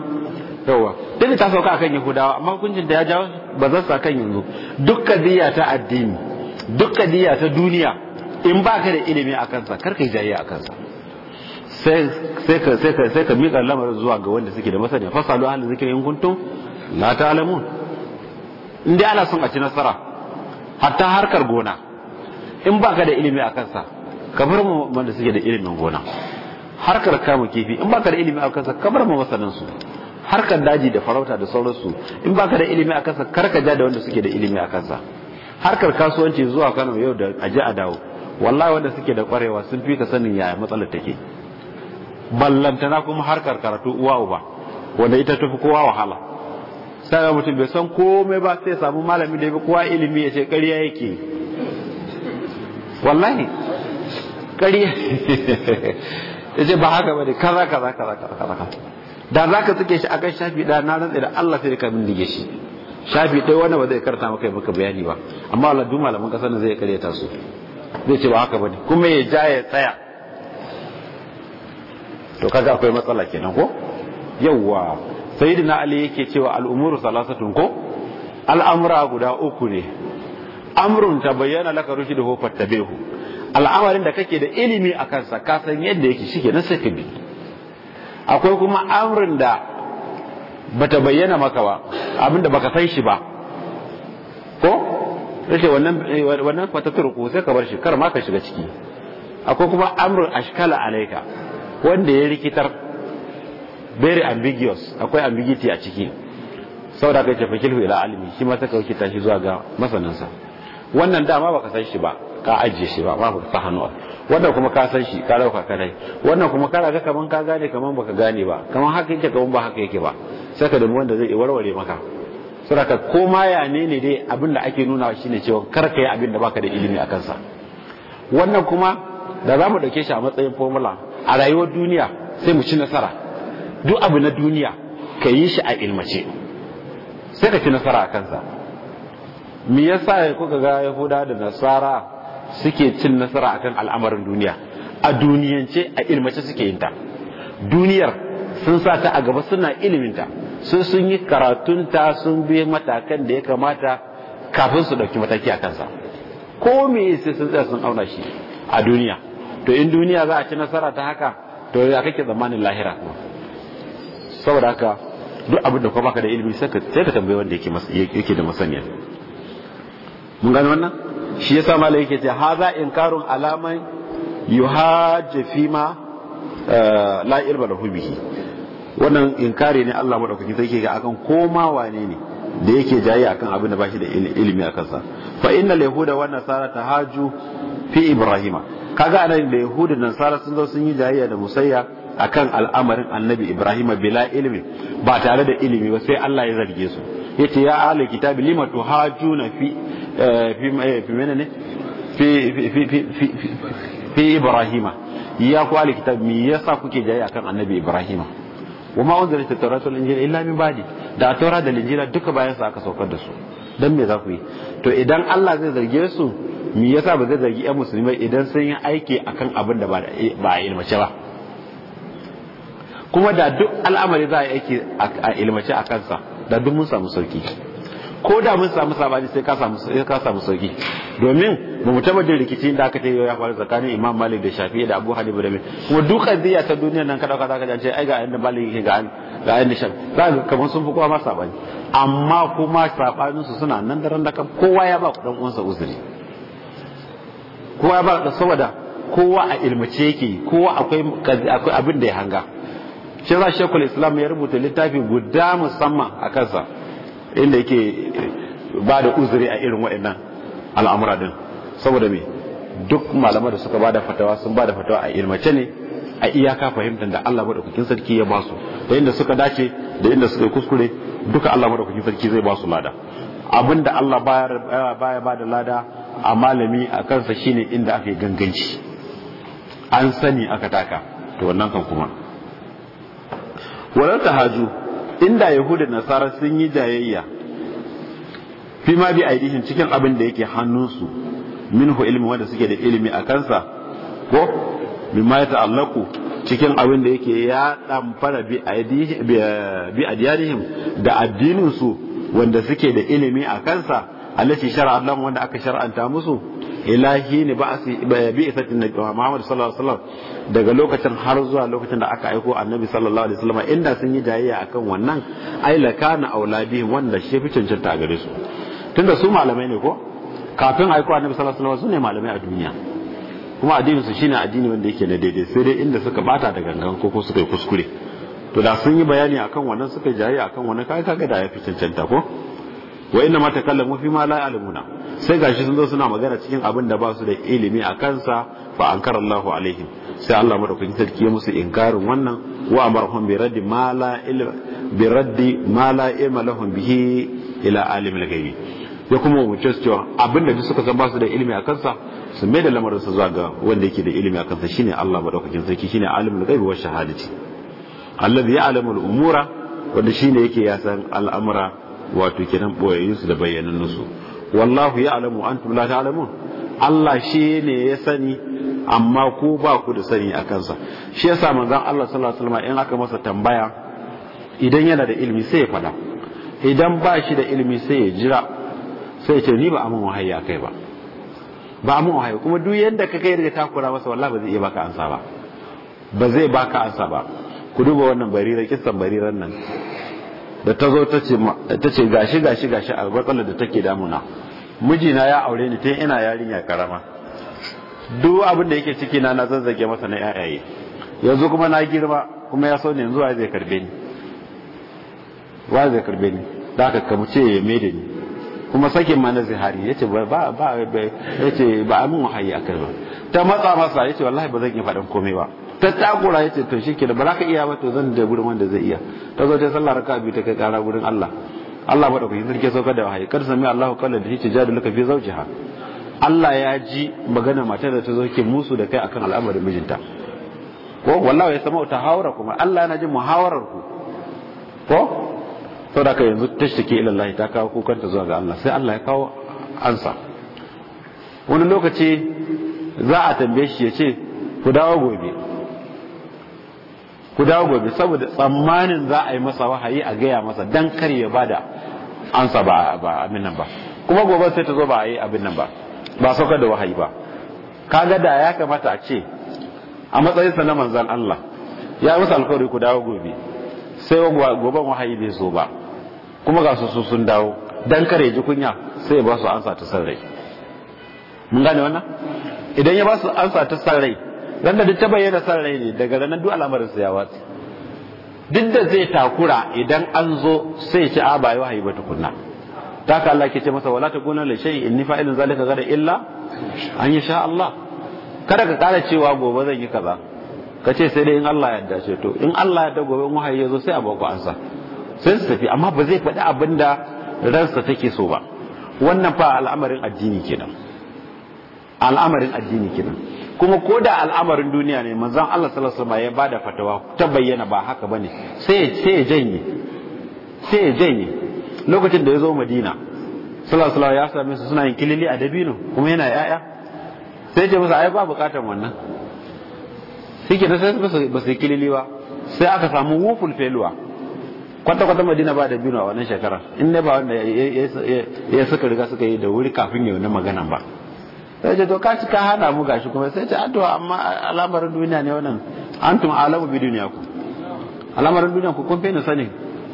yawa duk ta sauka akan yahudawa amma hukuncin da ya jawo ba za su akan yanzu dukkan diya ta addini dukkan diya ta duniya in ba ka da ilimi a kansa kar ka yi jayayya a kansa sai ka miƙa lamarin zuwa ga wanda suke da masaniya fasalu ahli zikirin yin kuntum na ta alamu inda ana son a ci nasara hatta harkar gona in ba ka da ilimi a kansa ka bar mu wanda suke da ilimin gona harkar kama kifi in ba ka da ilimi a kansa ka bar mu masanin su harkar daji da farauta da sauransu in ba ka da ilimi a kansa kar ka ja da wanda suke da ilimi a kansa harkar kasuwanci zuwa Kano yau da aje a dawo wallahi wanda suke da kwarewa sun fi ka sanin yaya matsalar take ballantana kuma harkar karatu uwa uba wanda ita tafi kowa wahala sai mutum bai san komai ba sai samu malami da yafi kowa ilimi ya ce ƙarya yake wallahi ƙarya <laughs> ya ce ba haka ba ne kaza kaza kaza kaza kaza da za ka suke shi a kan shafi da na rantsa da Allah sai ka bindige shi shafi ta wani ba zai karta maka yi maka bayani ba amma wala duk malaman ƙasar zai karyata su zai ce ba haka ba ne kuma ya ja ya tsaya to kaga akwai matsala kenan ko yawwa sayyidina ali yake cewa al'umuru salasatun ko al'amura guda uku ne amrun tabayyana laka rushduhu fattabihu al'amarin da kake da ilimi a kansa ka san yadda yake shike na sai ka bi akwai kuma amrin da bata bayyana maka ba abinda baka san shi ba ko yake wannan wannan fatatur ko sai ka bar shi kar ma ka shiga ciki akwai kuma amrun ashkala alaika wanda ya rikitar very ambiguous akwai ambiguity a ciki saboda kai tafi kilhu ila alimi shi ma ta kauke tashi zuwa ga masaninsa wannan dama ba ka san shi ba ka ajiye shi ba babu ka hannu wannan kuma ka san shi ka rauka ka rai wannan kuma ka raga kaman ka gane kaman baka gane ba kaman haka yake kamar ba haka yake ba sai ka da wanda zai warware maka saboda ko ma ya ne ne dai abin da ake nuna shine cewa kar ka yi abin da baka da ilimi a kansa wannan kuma da za mu dauke shi a matsayin formula a rayuwar duniya sai mu ci nasara duk abu na duniya ka yi shi a ilmace sai ka ci nasara a kansa me yasa kuka ga yahuda da nasara suke cin nasara akan al'amarin duniya a duniyance a ilmace suke yinta duniyar sun sa ta a gaba suna iliminta sun sun yi karatunta sun bi matakan da ya kamata kafin su ɗauki mataki a kansa ko me sai sun tsaya sun auna shi a duniya to in duniya za a ci nasara ta haka to ya kake zamanin lahira kuma saboda haka duk abin da kuma baka da ilimi sai ka tambayi wanda yake da masaniya mun gano wannan shi yasa malai yake ce haza inkarun alaman yuhajja fi ma eh, la ilma lahu bihi wannan inkari ne Allah madaukakin yake ga akan koma wane ne da yake jayi akan abin da bashi da ilimi akan sa fa innal yahuda wa nasara tahaju fi ibrahima kaga anan da yahudu da nasara sun zo sun yi jayayya da musayya akan al'amarin annabi ibrahima bila ilmi ba tare da ilimi ba sai Allah ya zarge su yace ya ahli kitabi lima tuhajuna eh, eh, fi fi fi menene fi fi fi fi ibrahima ya ku ahli kitabi me yasa kuke jayayya akan annabi ibrahima wa ma unzila at wal injila illa min ba'di da at da injila duka bayan sa aka saukar da su dan me za ku yi to idan Allah zai zarge su me yasa ba zai zargi ƴan musulmai idan sun yi aiki akan abin da ba a ilmace ba kuma da duk al'amari za a yi aiki a ilmace a kansa da duk mun samu sauki ko da mun samu sabani sai ka samu sai ka samu sauki domin mu taba jin rikici da aka ce ya faru tsakanin Imam Malik da Shafi'i da Abu Hanifa da kuma duk qadiya ta duniya nan ka dauka zaka ji ai ga annabi Malik ga ga ayin shan za kamar sun fi kowa ma sabani amma kuma sabanin su suna nan daren da kowa ya ba kuɗan unsa uzuri kowa ya ba da saboda kowa a ilmace yake kowa akwai abin da ya hanga shi za shekul islam ya rubuta littafi guda musamman a kansa inda yake ba da uzuri a irin waɗannan al'amura din saboda me duk malamai da suka ba da fatawa sun ba da fatawa a ilmace ne a iyaka fahimtar da Allah madaukakin sarki ya basu da inda suka dace da inda suka kuskure duka Allah madaukakin sarki zai basu lada abinda Allah baya bada lada a malami a kansa shine inda aka yi ganganci an sani aka taka to wannan kan kuma walar tahaju inda yahuda nasara sun yi jayayya fi ma bi aidihin cikin abin da yake hannunsu minhu ilmi wanda suke da ilimi a kansa ko mimma ya ta'allaku cikin abin da yake ya fara bi adiyarihim da addinin su wanda suke da ilimi a kansa allaci shara Allah wanda aka shar'anta musu ilahi ne ba bi isatin nabi Muhammad sallallahu alaihi wasallam daga lokacin har zuwa lokacin da aka aiko annabi sallallahu alaihi wasallam inda sun yi jayayya akan wannan ai lakana auladi wanda shi fi cancanta a gare su tunda su malamai ne ko kafin aiko annabi sallallahu alaihi wasallam su ne malamai a duniya kuma addinin su shine addini wanda yake na daidai sai dai inda suka bata da gangan ko ko suka yi kuskure to da sun yi bayani akan wannan suka jayi akan wannan kai kaga da ya fi cancanta ko wa inna ma takallamu fi ma la ya'lamuna sai gashi sun zo suna magana cikin abin da ba su da ilimi a kansa fa ankara alaihim sai Allah madaukakin sarki ya musu inkarin wannan wa amarhum bi raddi ma la ilma bi raddi ma la ilma lahum bihi ila alimil ghaibi ya kuma umarce cewa abinda duk suka san su da ilimi a kansa su mai da lamarin su zuwa ga wanda yake da ilimi a kansa shine Allah madaukakin sarki shine alimul ghaibi wa shahadati allazi ya'lamu al-umura wanda shine yake ya san al'amura wato kenan boyayyun su da bayyanan su wallahu ya'lamu antum la ta'lamun Allah shi ne ya sani amma ku ba ku da sani a kansa shi yasa manzon Allah sallallahu alaihi wasallam in aka masa tambaya idan yana da ilimi sai ya fada idan ba shi da ilimi sai ya jira sai ce ni ba amin wahayi kai ba ba amin wahayi kuma duk yadda ka kai daga takura masa wallahi ba zai iya baka ansa ba ba zai baka ansa ba ku duba wannan barira kissan bariran nan da ta zo ta ce gashi gashi gashi a matsalar da take damuna mijina ya aure ni tun ina yarinya karama duk abin da yake ciki na na zazzage masa na yayaye yanzu kuma na girma kuma ya so ne yanzu wa zai karbe ni wa zai karbe ni da aka kamce ya mede ni kuma sakin ma na zihari ya ce ba ba yace ba a wahayi ba ta matsa masa ya ce wallahi ba zan iya faɗin komai ba ta takura yace to shikenan ba za ka iya ba to zan da gurin wanda zai iya ta zo ta sallah ka biyu ta kai kara gurin Allah Allah kuyi sarki saukar da wahayi kar sami Allahu kallan da shi ce jadu laka fi ha Allah ya ji magana matar da ta zo ke musu da kai akan al'amarin mijinta ko wallahi ya sama ta haura kuma Allah yana jin muhawarar ku ko sau da aka yanzu tashtake ilallahi ta kawo kukanta zuwa ga Allah sai Allah ya kawo ansa wani lokaci za a tambaye shi ya ce ku dawo gobe ku dawo gobe saboda tsammanin za a yi masa wahayi a gaya masa dan kar ya bada ansa ba ba abin nan ba kuma gobe sai ta zo ba a yi abin nan ba ba sauka da wahayi ba kaga da ya kamata a ce a matsayin sa na manzan Allah ya yi masa alkawari ku dawo gobe sai gobe wahayi bai zo ba kuma ga su sun dawo dan kare ji kunya sai ya ba su ansa ta san rai mun gane wannan idan ya ba su ansa ta san rai ran da ta bayyana san rai ne daga ranar duk al'amarin sa ya watsi duk da zai takura idan an zo sai ci a ba wahayi ba tukunna ta ka Allah ke ce masa wala ta gona lashai inni fa'ilin zalika gada illa an yi sha Allah kada ka kara cewa gobe zan yi kaza ka ce sai dai in Allah ya yarda ce to in Allah ya yarda gobe in wahayi ya zo sai a bako ansa sai su tafi amma ba zai faɗi abin da ransa take so ba wannan fa al'amarin addini kenan al'amarin addini kenan kuma ko da al'amarin duniya ne manzon Allah sallallahu alaihi wasallam ya bada fatawa ta bayyana ba haka bane sai sai ya janye sai ya janye lokacin da ya zo Madina sallallahu alaihi wasallam ya same su suna yin kilili a dabino kuma yana yaya sai ya ce musu ai ba bukatar wannan shike da sai ba su kilili ba sai aka samu wuful failure kwata-kwata madina ba da biyu a wannan shekara in ne ba wanda ya suka riga suka yi da wuri kafin ya wani magana ba sai ce to ka ci ka hana mu gashi kuma sai ce addu'a amma al'amarin duniya ne wannan antum alamu bi duniya ku al'amarin duniya ku kun fena sani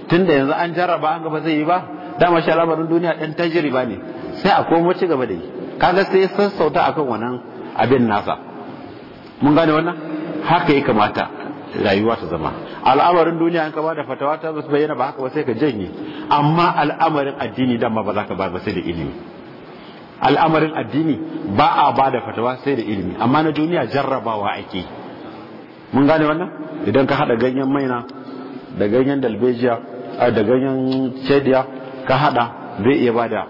da yanzu an jarraba an gaba zai yi ba dama shi al'amarin duniya dan ba ne sai a komo ci gaba da yi kaga sai ya sassauta akan wannan abin nasa mun gane wannan haka ya kamata rayuwa ta zama al'amarin duniya an ka bada fatawa ta basu bayyana ba haka ba sai ka janye amma al'amarin addini dama ba za ka ba sai da ilimi al'amarin addini ba a bada fatawa sai da ilimi amma na duniya jarrabawa ake mun gane wannan idan ka hada ganyen maina da ganyen dalbejiya da ganyen Chedia ka hada zai iya bada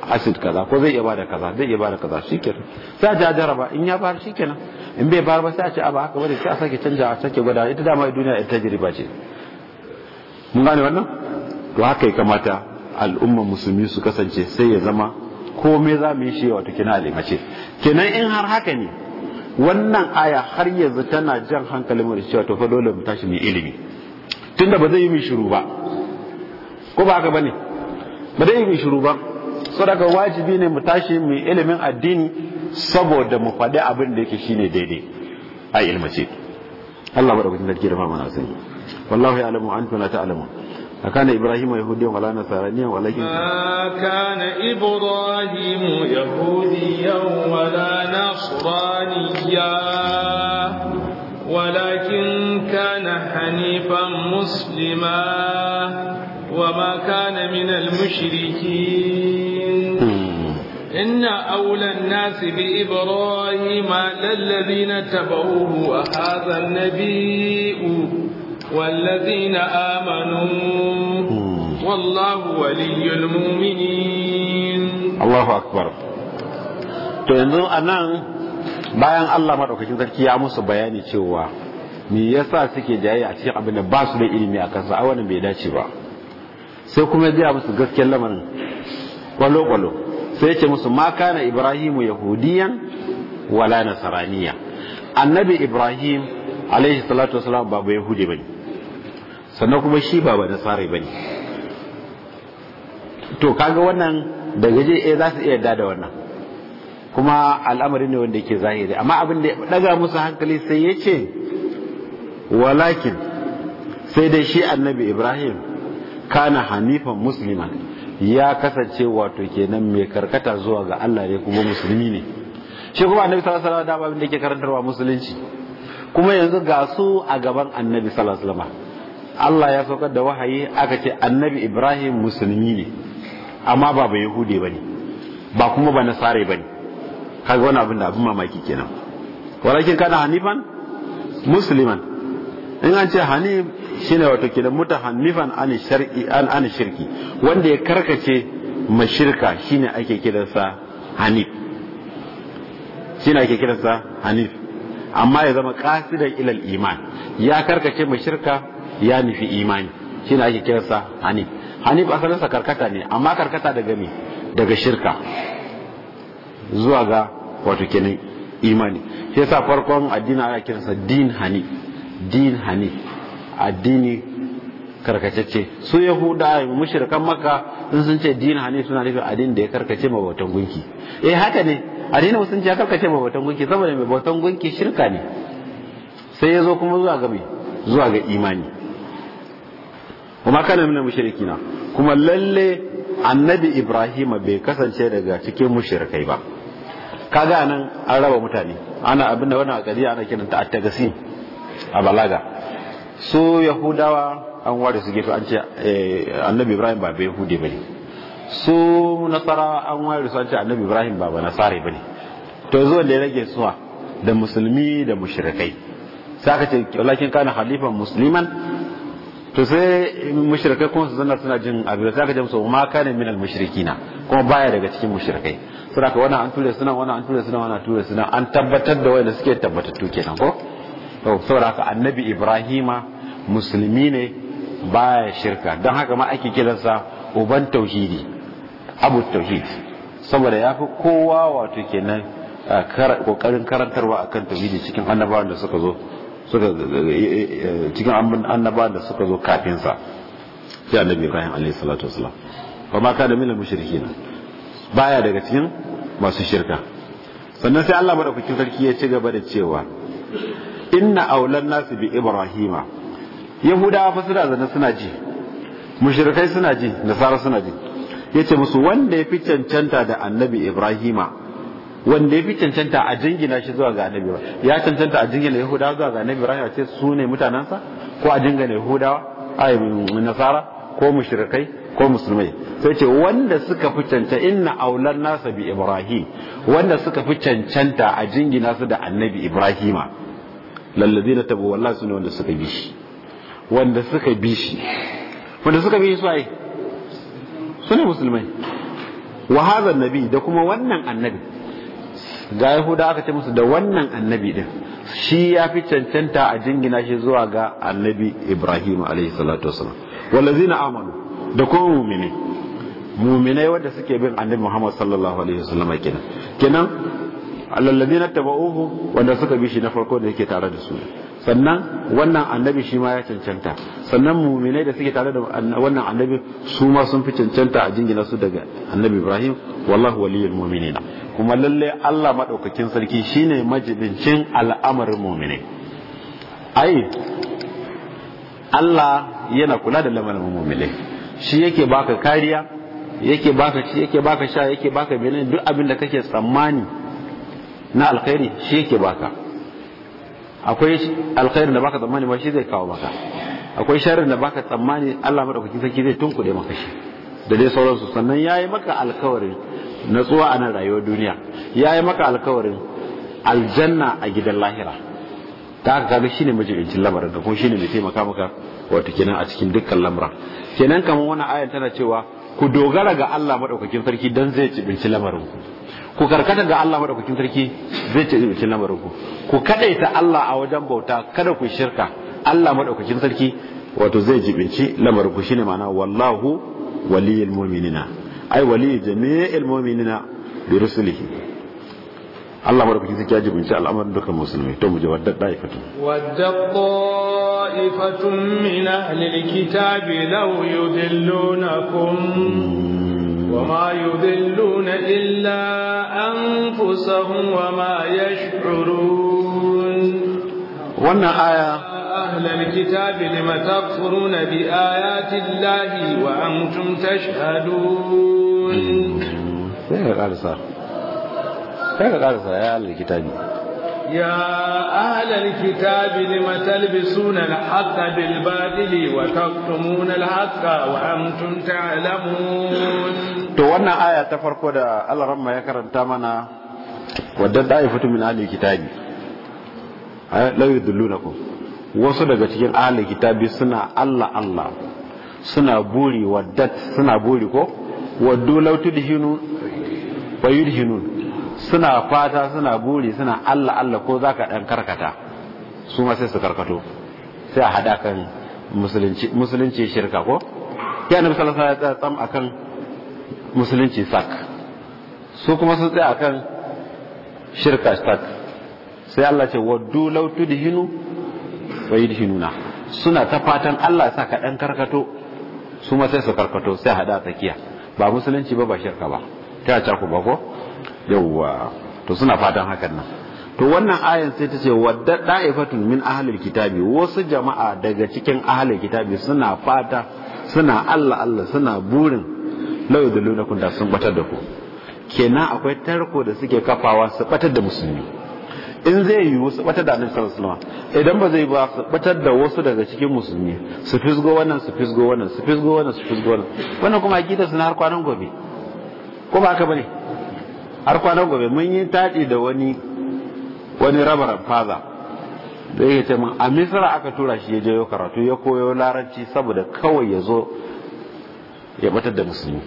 acid kaza ko zai iya bada kaza zai iya bada kaza shikenan sai a jaraba in ya bar shikenan in bai bar ba sai a ce a ba haka bane sai a sake canja a sake gwada ita dama duniya ita tajriba ce mun gane wannan to haka ya kamata al'umma musulmi su kasance sai ya zama komai za mu yi shi wato kina alimace kenan in har haka ne wannan aya har yanzu tana jan hankalin mu da cewa to fa dole mu tashi mu ilimi tunda ba zai yi mu shiru ba ko ba haka bane ba zai yi mu shiru ba saboda wajibi ne mu tashi mu ilimin addini saboda mu faɗi abin da yake shine daidai a ilmace Allah madaukakin sarki da na sani wallahu ya'lamu wa antum la ta'lamun أكان إبراهيم يهوديا ولا A kana Ibrahim كان إبراهيم يهوديا ولا نصرانيا
ولكن كان حنيفا مسلما وما كان من المشركين إن أولى الناس بإبراهيم للذين تبعوه وهذا النبي والذين آمنوا hmm. والله ولي المؤمنين الله
أكبر to yanzu bayan Allah madaukakin sarki ya musu bayani cewa me yasa suke jaye a cikin abin da ba su da ilimi a kansa a wannan bai dace ba sai kuma ya a musu gaskiyar lamarin kwalo-kwalo sai ce musu ma kana ibrahimu yahudiyan wala nasaraniya annabi ibrahim alaihi salatu wasalam ba ba yahudi bane sannan kuma shi ba ba nasara bane to kaga wannan daga je eh za su iya dada da wannan kuma al'amari ne wanda yake zahiri amma abin da daga musu hankali sai ya ce walakin sai dai shi annabi ibrahim kana hanifan musliman ya kasance wato kenan mai karkata zuwa ga Allah ne kuma musulmi ne shi kuma annabi sallallahu alaihi wasallam da abin da yake karantarwa musulunci kuma yanzu ga su a gaban annabi sallallahu alaihi wasallam Allah ya saukar da wahayi aka ce annabi Ibrahim musulmi ne amma ba ba yahude bane ba kuma ba nasare bane kaga wani abin da abin mamaki kenan walakin kana hanifan musliman in an ce hanif shine wato kenan mutahannifan an shar'i an an shirki wanda ya karkace mashirka shine ake kiransa hanif shine ake kiransa hanif amma ya zama qasidan ilal iman ya karkace mashirka ya nufi imani shine ake kiransa hanif hanif sa karkata ne amma karkata daga me daga shirka zuwa ga wato kenan imani sai sa farkon addini ana kiransa din hanif din hanif addini karkacecce su yahuda mushrikan makka maka sun ce dina ne suna nufin addini da ya karkace ma gunki eh haka ne addini musulunci ya karkace ma gunki saboda mai bautan gunki shirka ne sai ya zo kuma zuwa ga mai zuwa ga imani kuma kana mina mushrikina kuma lalle annabi ibrahim bai kasance daga cikin mushrikai ba kaga nan an raba mutane ana abinda wannan akadi ana kiranta at-tagasim a balaga su yahudawa an ware su gefe an ce eh, annabi ibrahim ba bai hude ba ne su nasara an ware su an ce annabi ibrahim ba ba nasare ba ne to zuwa da ya rage suwa da musulmi da mushrikai sai aka ce lakin kana halifan musliman to sai mushrikai kuma su zanna suna jin abin da aka ce musu ma kana minal mushrikina kuma baya daga cikin mushrikai saboda wannan an tura suna wannan an tura suna wannan an tura suna an tabbatar da wanda suke tabbatattu kenan ko to saboda haka annabi ibrahima musulmi ne baya shirka don haka ma ake kiransa uban tauhidi abu tauhid saboda ya fi kowa wato kenan kokarin karantarwa akan tauhidi cikin annabawan da suka zo suka e, e, e, cikin annabawan da suka zo kafin sa sai annabi ibrahim alayhi salatu wasalam wa ma kana minal na baya daga cikin masu shirka sannan sai Allah madaukakin sarki ya ci gaba da cewa inna aulan nasu bi ibrahima yahudawa fa suna zana suna ji mushrikai suna ji nasara suna ji yace musu wanda ya fi cancanta da annabi ibrahima wanda ya fi cancanta a jingina shi zuwa ga annabi ya cancanta a jingina yahudawa zuwa ga annabi ibrahima ce su ne mutanensa ko a jingina yahudawa ai nasara ko mushrikai ko musulmai sai ce wanda suka fi cancanta inna aulan nasu bi ibrahim wanda suka fi cancanta a jingina su da annabi ibrahima lallazi na tabo wallah su ne wanda suka bi shi wanda suka bi shi wanda suka bi shi su ai su ne musulmai wa hazan nabi da kuma wannan annabi ga yahuda aka ce musu da wannan annabi din shi ya fi cancanta a jingina shi zuwa ga annabi ibrahim alaihi salatu wasalam wallazina amanu da kuma mumini muminai wanda suke bin annabi muhammad sallallahu alaihi wasallam kenan kenan allallazi na taba'uhu wanda suka bi shi na farko da yake tare da su sannan wannan annabi shi ma ya cancanta sannan muminai da suke tare da wannan annabi su ma sun fi cancanta a jingina su daga annabi ibrahim wallahu waliyul muminin kuma lalle Allah madaukakin sarki shine majibincin al'amarin muminai ai Allah yana kula da lamarin muminai shi yake baka kariya yake baka shi yake baka sha yake baka benin duk abin da kake tsammani na alkhairi shi yake baka akwai alkhairin da baka tsammani ba shi zai kawo maka akwai sharri da baka tsammani Allah madaukakin sarki zai tunkuɗe maka shi da dai sauransu sannan yayi maka alkawarin natsuwa a nan rayuwar duniya yayi maka alkawarin aljanna a gidan lahira ta haka kaga shine majibincin lamarin da kuma shine mai taimaka maka wata kenan a cikin dukkan lamura kenan kamar wannan ayar tana cewa ku dogara ga Allah madaukakin sarki dan zai cibinci lamarin ku ku karkata ga Allah madaukakin sarki zai ce cikin lamarin ku ku kadaita Allah a wajen bauta kada ku shirka Allah madaukakin sarki wato zai jibinci lamarin ku shine ma'ana wallahu waliyul mu'minina ai waliy jami'il mu'minina bi rusulihi Allah madaukakin sarki ya jibinci al'amarin dukkan musulmi to mu je wadda da'ifatun
wadda qa'ifatun min ahli alkitabi law yudillunakum وما يذلون إلا أنفسهم وما يشعرون وانا آية أهل الكتاب لم تكفرون بآيات الله وأنتم تشهدون
sai ka karasa sai ka karasa ya alkitabi
يا أهل الكتاب لم تلبسون الحق بالباطل وتكتمون الحق وأنتم تعلمون to wannan aya
ta farko da Allah ramma ya karanta mana wadda da'ifatu min ahli kitabi la yudillunakum wasu daga cikin ahli kitabi suna Allah suna buri wadda suna buri ko waddu law tudhinu wa yudhinun suna fata suna buri suna Allah Allah ko zaka dan karkata su ma sai su karkato sai a hada kan musulunci musulunci shirka ko ya annabi sallallahu alaihi wasallam tsam akan musulunci sak su kuma su tsaya akan shirka sak sai Allah ce waddu law tudhinu wa yudhinuna suna ta fatan Allah sa ka dan karkato su ma sai su karkato sai hada tsakiya ba musulunci ba ba shirka ba ta ce ku ba ko yawwa to suna fatan hakan nan to wannan ayan sai ta ce wadda da'ifatun min ahlul kitabi wasu jama'a daga cikin ahlul kitabi suna fata suna Allah Allah suna burin lau da luna da sun batar da ku kenan akwai tarko da suke kafawa su batar da musulmi in zai yi wasu batar da annabi sallallahu idan ba zai ba su batar da wasu daga cikin musulmi su fisgo wannan su fisgo wannan su fisgo wannan su fisgo wannan wannan kuma akidar suna har kwanan gobe ko ba haka bane har kwanan gobe mun yi taɗi da wani wani rabaran faza da yake ce min a Misira aka tura shi ya je yau karatu ya koyo larabci saboda kawai ya zo ya batar da musulmi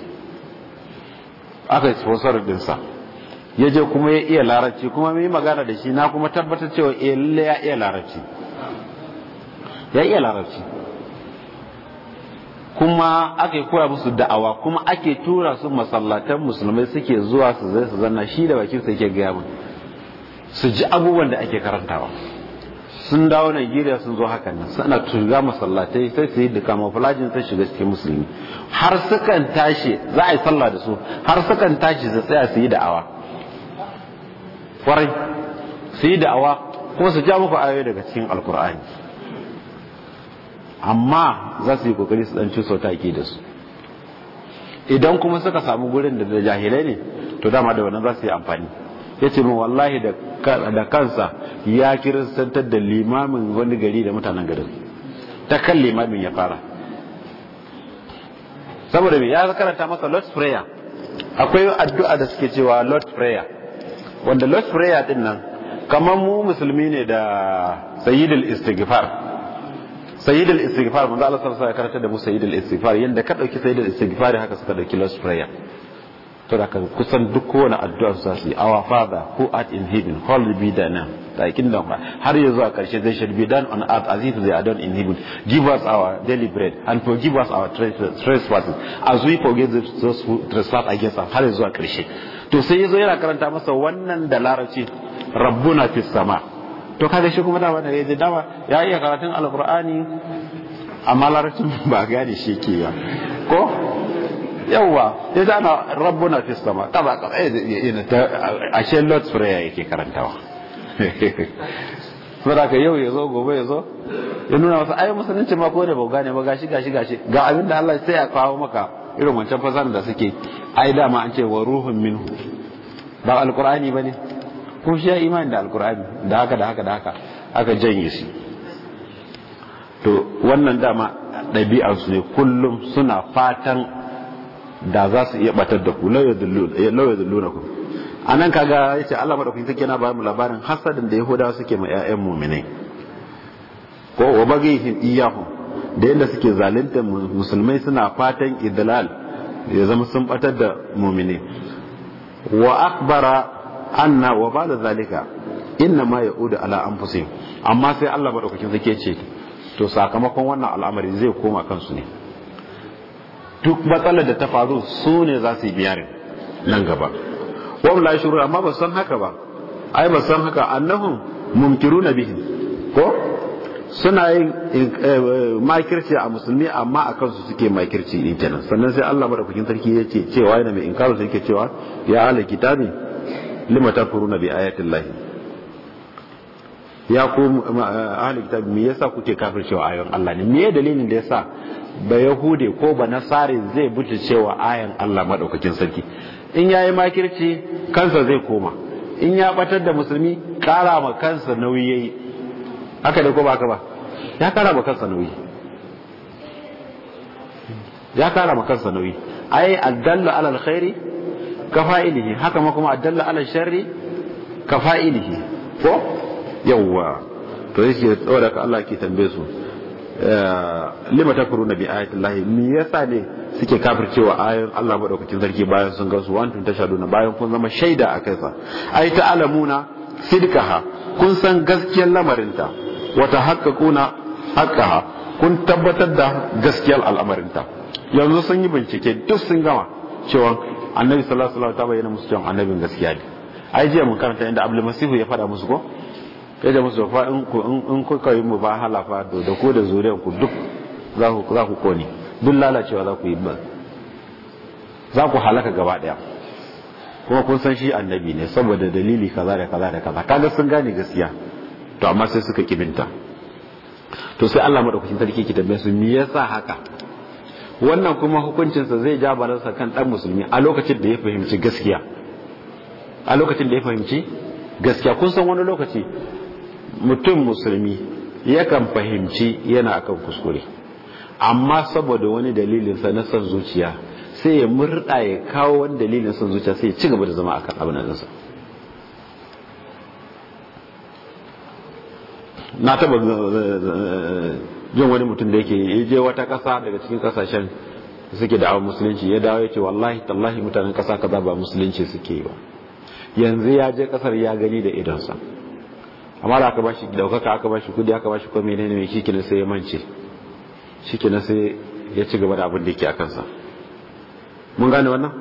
aka yi sponsor dinsa ya je kuma ya iya larabci kuma mai magana da shi na kuma tabbatar cewa eh, ya iya larabci ya iya larabci kuma ake kura musu da'awa kuma ake tura su masallatan musulmai suke zuwa su zai su zanna shi da bakin suke gaya mun su ji abubuwan da ake karantawa sun dawo Najeriya sun zo hakan nan suna tura masallatai sai su yi da kamuflajin sai shiga cikin musulmi har sukan tashi za a yi sallah da su har sukan tashi su tsaya su yi da'awa kwarai su yi da'awa kuma su ja muku ayoyi daga cikin alkur'ani amma za su yi kokari su ɗanci ci sauta da su idan kuma suka samu gurin da jahilai ne to dama da wannan za su yi amfani ya ce min wallahi da kansa ya kiristantar da limamin wani gari da mutanen garin ta kan limamin ya fara saboda mai ya karanta masa lord's prayer akwai addu'a da suke cewa lord's prayer wanda lord's prayer din nan kamar mu musulmi ne da sayyidul istighfar sayyidul istighfar manzo Allah sallallahu alaihi wasallam ya da mu sayyidul istighfar yanda ka dauki sayyidul istighfar haka suka dauki last prayer to da kan kusan duk wani addu'a su zasu yi our father who art in heaven holy be thy name da kin da har yanzu a karshe zai should be done on earth as it is are done in heaven give us our daily bread and forgive us our trespasses as we forgive those who trespass against us har yanzu a karshe to sai yazo yana karanta masa wannan da larabci rabbuna fis sama' to kaga shi kuma dama da ya ji dama ya iya karatun alkur'ani amma larabcin <laughs> ba gane shi ke ya ko yawwa ya zana rabbuna fi sama kaza kaza eh, eh, eh, ashe lord's prayer yake karantawa <laughs> saboda ka yau ya zo gobe ya zo ya nuna masa ai musulunci ma ko da ba gane ba gashi gashi gashi ga abin da Allah sai ya kawo maka irin wancan fasahan da suke ai dama an ce wa ruhun minhu ba alqur'ani bane ko shi ya imani da alkur'ani da haka da haka da haka aka janye shi to wannan dama ɗabi'arsu ne kullum suna fatan da za su iya batar da ku lauya da ku a nan kaga ya ce allah ta take na bayan labarin hasadin da yahudawa suke ma 'ya'yan muminai ko wa hin iyahu da yadda suke zalunta musulmai suna fatan idlal ya zama sun batar da muminai. wa akbara anna wa bala zalika inna ma yaudu ala anfusihim amma sai Allah madaukakin zake ce to sakamakon wannan al'amari zai koma kansu ne duk matsalar da ta faru su ne za su yi biyarin nan gaba wani la shuru amma ba san haka ba ai ba san haka annahum na bihin ko suna yin eh, eh, makirci a musulmi amma a kansu suke makirci din kenan sannan sai Allah madaukakin sarki ya ce cewa yana mai inkaru sai yake cewa ya ala kitabi lima takfuruna bi ayatin lahi ya ku ahli kitab me yasa kuke cewa ayan Allah ne me dalilin da yasa ba yahude ko ba nasari zai buce cewa ayan Allah madaukakin sarki in yayi makirci kansa zai koma in ya batar da musulmi kara ma kansa nauyi yayi haka da ko ba haka ba ya kara ma kansa nauyi ya kara ma kansa nauyi ai addallu alal khairi ka fa'ilihi haka أدل على الشر ala فو ka fa'ilihi ko yawwa to yake لما تكرون Allah ke tambaye su eh, lima takuruna bi Allah me yasa ne suke kafircewa Allah sarki bayan sun ga su tasha tashaduna bayan kun zama shaida a kansa ai alamuna sidkaha kun san gaskiyar lamarinta wata haqqaquna haqqaha kun tabbatar da gaskiyar al'amarinta yanzu sun yi bincike duk sun gama cewa annabi sallallahu alaihi wasallam ta bayyana musu cewa annabin gaskiya ne ai jiya mun karanta inda abul masihu ya fada musu ko ya da musu fa in ku in ku kai mu ba halafa to da ku da zuriyar ku duk za ku za ku kone duk lalacewa za ku yi ba za ku halaka gaba daya kuma kun san shi annabi ne saboda dalili kaza da kaza da kaza kaga sun gane gaskiya to amma sai suka kibinta to sai Allah madaukakin sarki ki tambaye su me yasa haka wannan kuma hukuncinsa zai ja bararsa kan dan musulmi a lokacin da ya fahimci gaskiya a lokacin da ya fahimci gaskiya kun san wani lokaci mutum musulmi yakan fahimci yana kan kuskure amma saboda wani dalilinsa na san zuciya sai ya murda ya kawo wani dalilin san zuciya sai ya ci gaba da zama akan abin nan na taba jin wani mutum da yake ya je wata kasa daga cikin kasashen suke da musulunci ya dawo yake wallahi tallahi mutanen kasa kaza ba musulunci suke yi ba yanzu ya je kasar ya gani da idonsa amma da aka ba shi daukaka aka ba shi kudi aka ba shi kome ne mai shikenan sai ya mance sai ya ci gaba da abin da yake a kansa mun gane wannan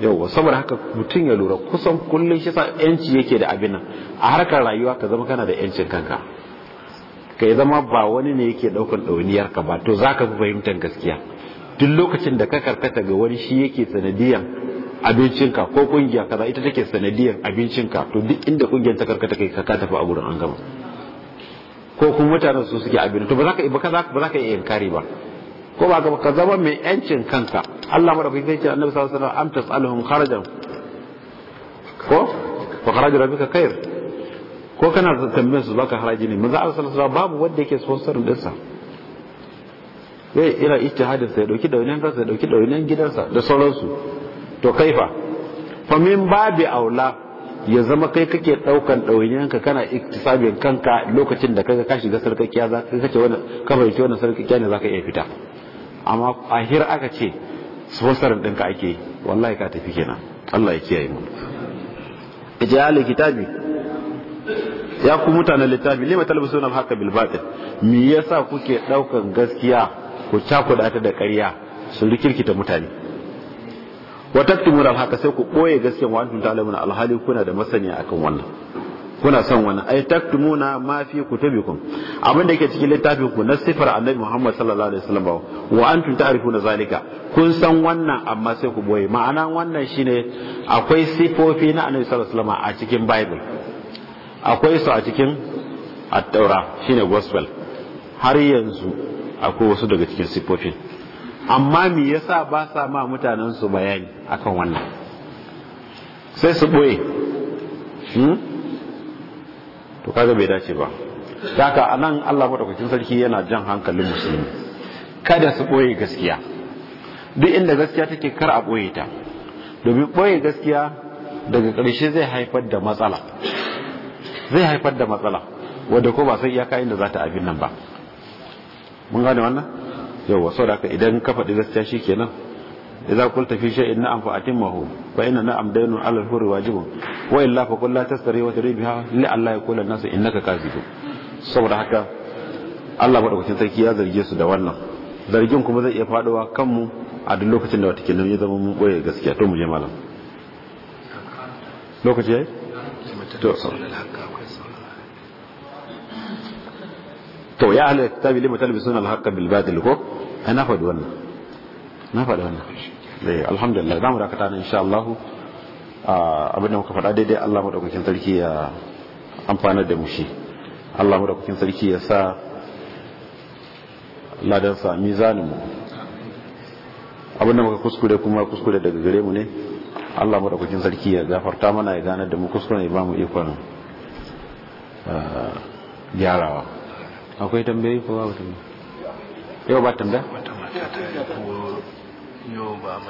yauwa saboda haka mutum ya lura kusan kullum shi sa yanci yake da abin nan a harkar rayuwa ka zama kana da yancin kanka ka yi zama ba wani ne yake daukan ɗauniyar ka ba to zaka fi fahimtar gaskiya duk lokacin da ka karkata ga wani shi yake sanadiyan abincinka ko kungiya kaza ita take sanadiyan abincinka to duk inda kungiyar ta karkata kai ka tafi a gurin an gama ko kuma mutanen su suke abin to ba za ka ba za ka iya inkari ba ko ba ka zama mai yancin kanka Allah madaukaki sai annabi sallallahu alaihi wasallam am tasaluhum kharajan ko ko kharaja rabbika khair ko kana tambayar su baka haraji ne manzo Allah sallallahu alaihi babu wanda yake sponsor din sa eh ila ijtihadin sa ya dauki dauniyan kansa ya dauki dauniyan gidansa da sauransu to kaifa fa min babi aula ya zama kai kake daukan dauniyan ka kana iktisabin kanka lokacin da kaga ka shiga sarkakiya za ka kace wannan ka fahimci wannan sarkakiya ne za ka iya fita amma a aka ce sponsor din ka ake wallahi ka tafi kenan Allah ya kiyaye mu ijali kitabi ya ku mutanen littafi lima suna haka bilbatin mi me yasa kuke daukan gaskiya ku da ta da ƙarya su rikirkita mutane wa taktimuna al haka sai ku ɓoye gaskiya wa antum ta'lamuna alhali kuna da masaniya akan wannan kuna son wannan ai taktumuna ma fi kutubikum abin da yake cikin littafin ku na sifar annabi Muhammad sallallahu alaihi wasallam wa antum ta'rifuna zalika kun san wannan amma sai ku boye ma'ana wannan shine akwai sifofi na annabi sallallahu alaihi wasallam a cikin bible akwai su a cikin attaura shine gospel har yanzu akwai wasu daga cikin siffofin amma me yasa ba sa ma mutanen su bayani akan wannan sai su boye hmm? to kaga bai dace ba a anan Allah madaukakin sarki yana jan hankalin musulmi kada su ɓoye gaskiya duk inda gaskiya take kar a ɓoye ta domin ɓoye gaskiya daga ƙarshe zai haifar da matsala zai haifar da matsala wadda ko ba sai iyaka inda za ta abin nan ba mun gane wannan yauwa sau da idan ka faɗi gaskiya shi kenan ku qulta fi ina amfa a tin mahu ba ina na amdainu alal huri wajibu wa illa kula qul la wata wa ha li Allah ya kula nasu innaka kadhibun saboda haka Allah madaukakin sarki ya zarge su da wannan zargin kuma zai iya faduwa kanmu a duk lokacin da wata kenan ya zama mun boye gaskiya to mu je malam lokaci yayi to to ya ahli kitabi lima talbisuna al-haqqa bil batil ko ana eh, faɗi wannan na faɗi wannan dai eh, alhamdulillah zamu dakata nan insha Allah abin da muka fada daidai Allah madaukakin sarki ya amfanar da mu shi Allah madaukakin sarki ya sa ladan sa mizanin mu abin da muka kuskure kuma kuskure daga gare mu ne Allah madaukakin sarki ya gafarta mana ya ganar da mu kuskure ya ba mu ikon ah, gyarawa akwai tambayi ko babu tambayi
yau ba tambaya yau ba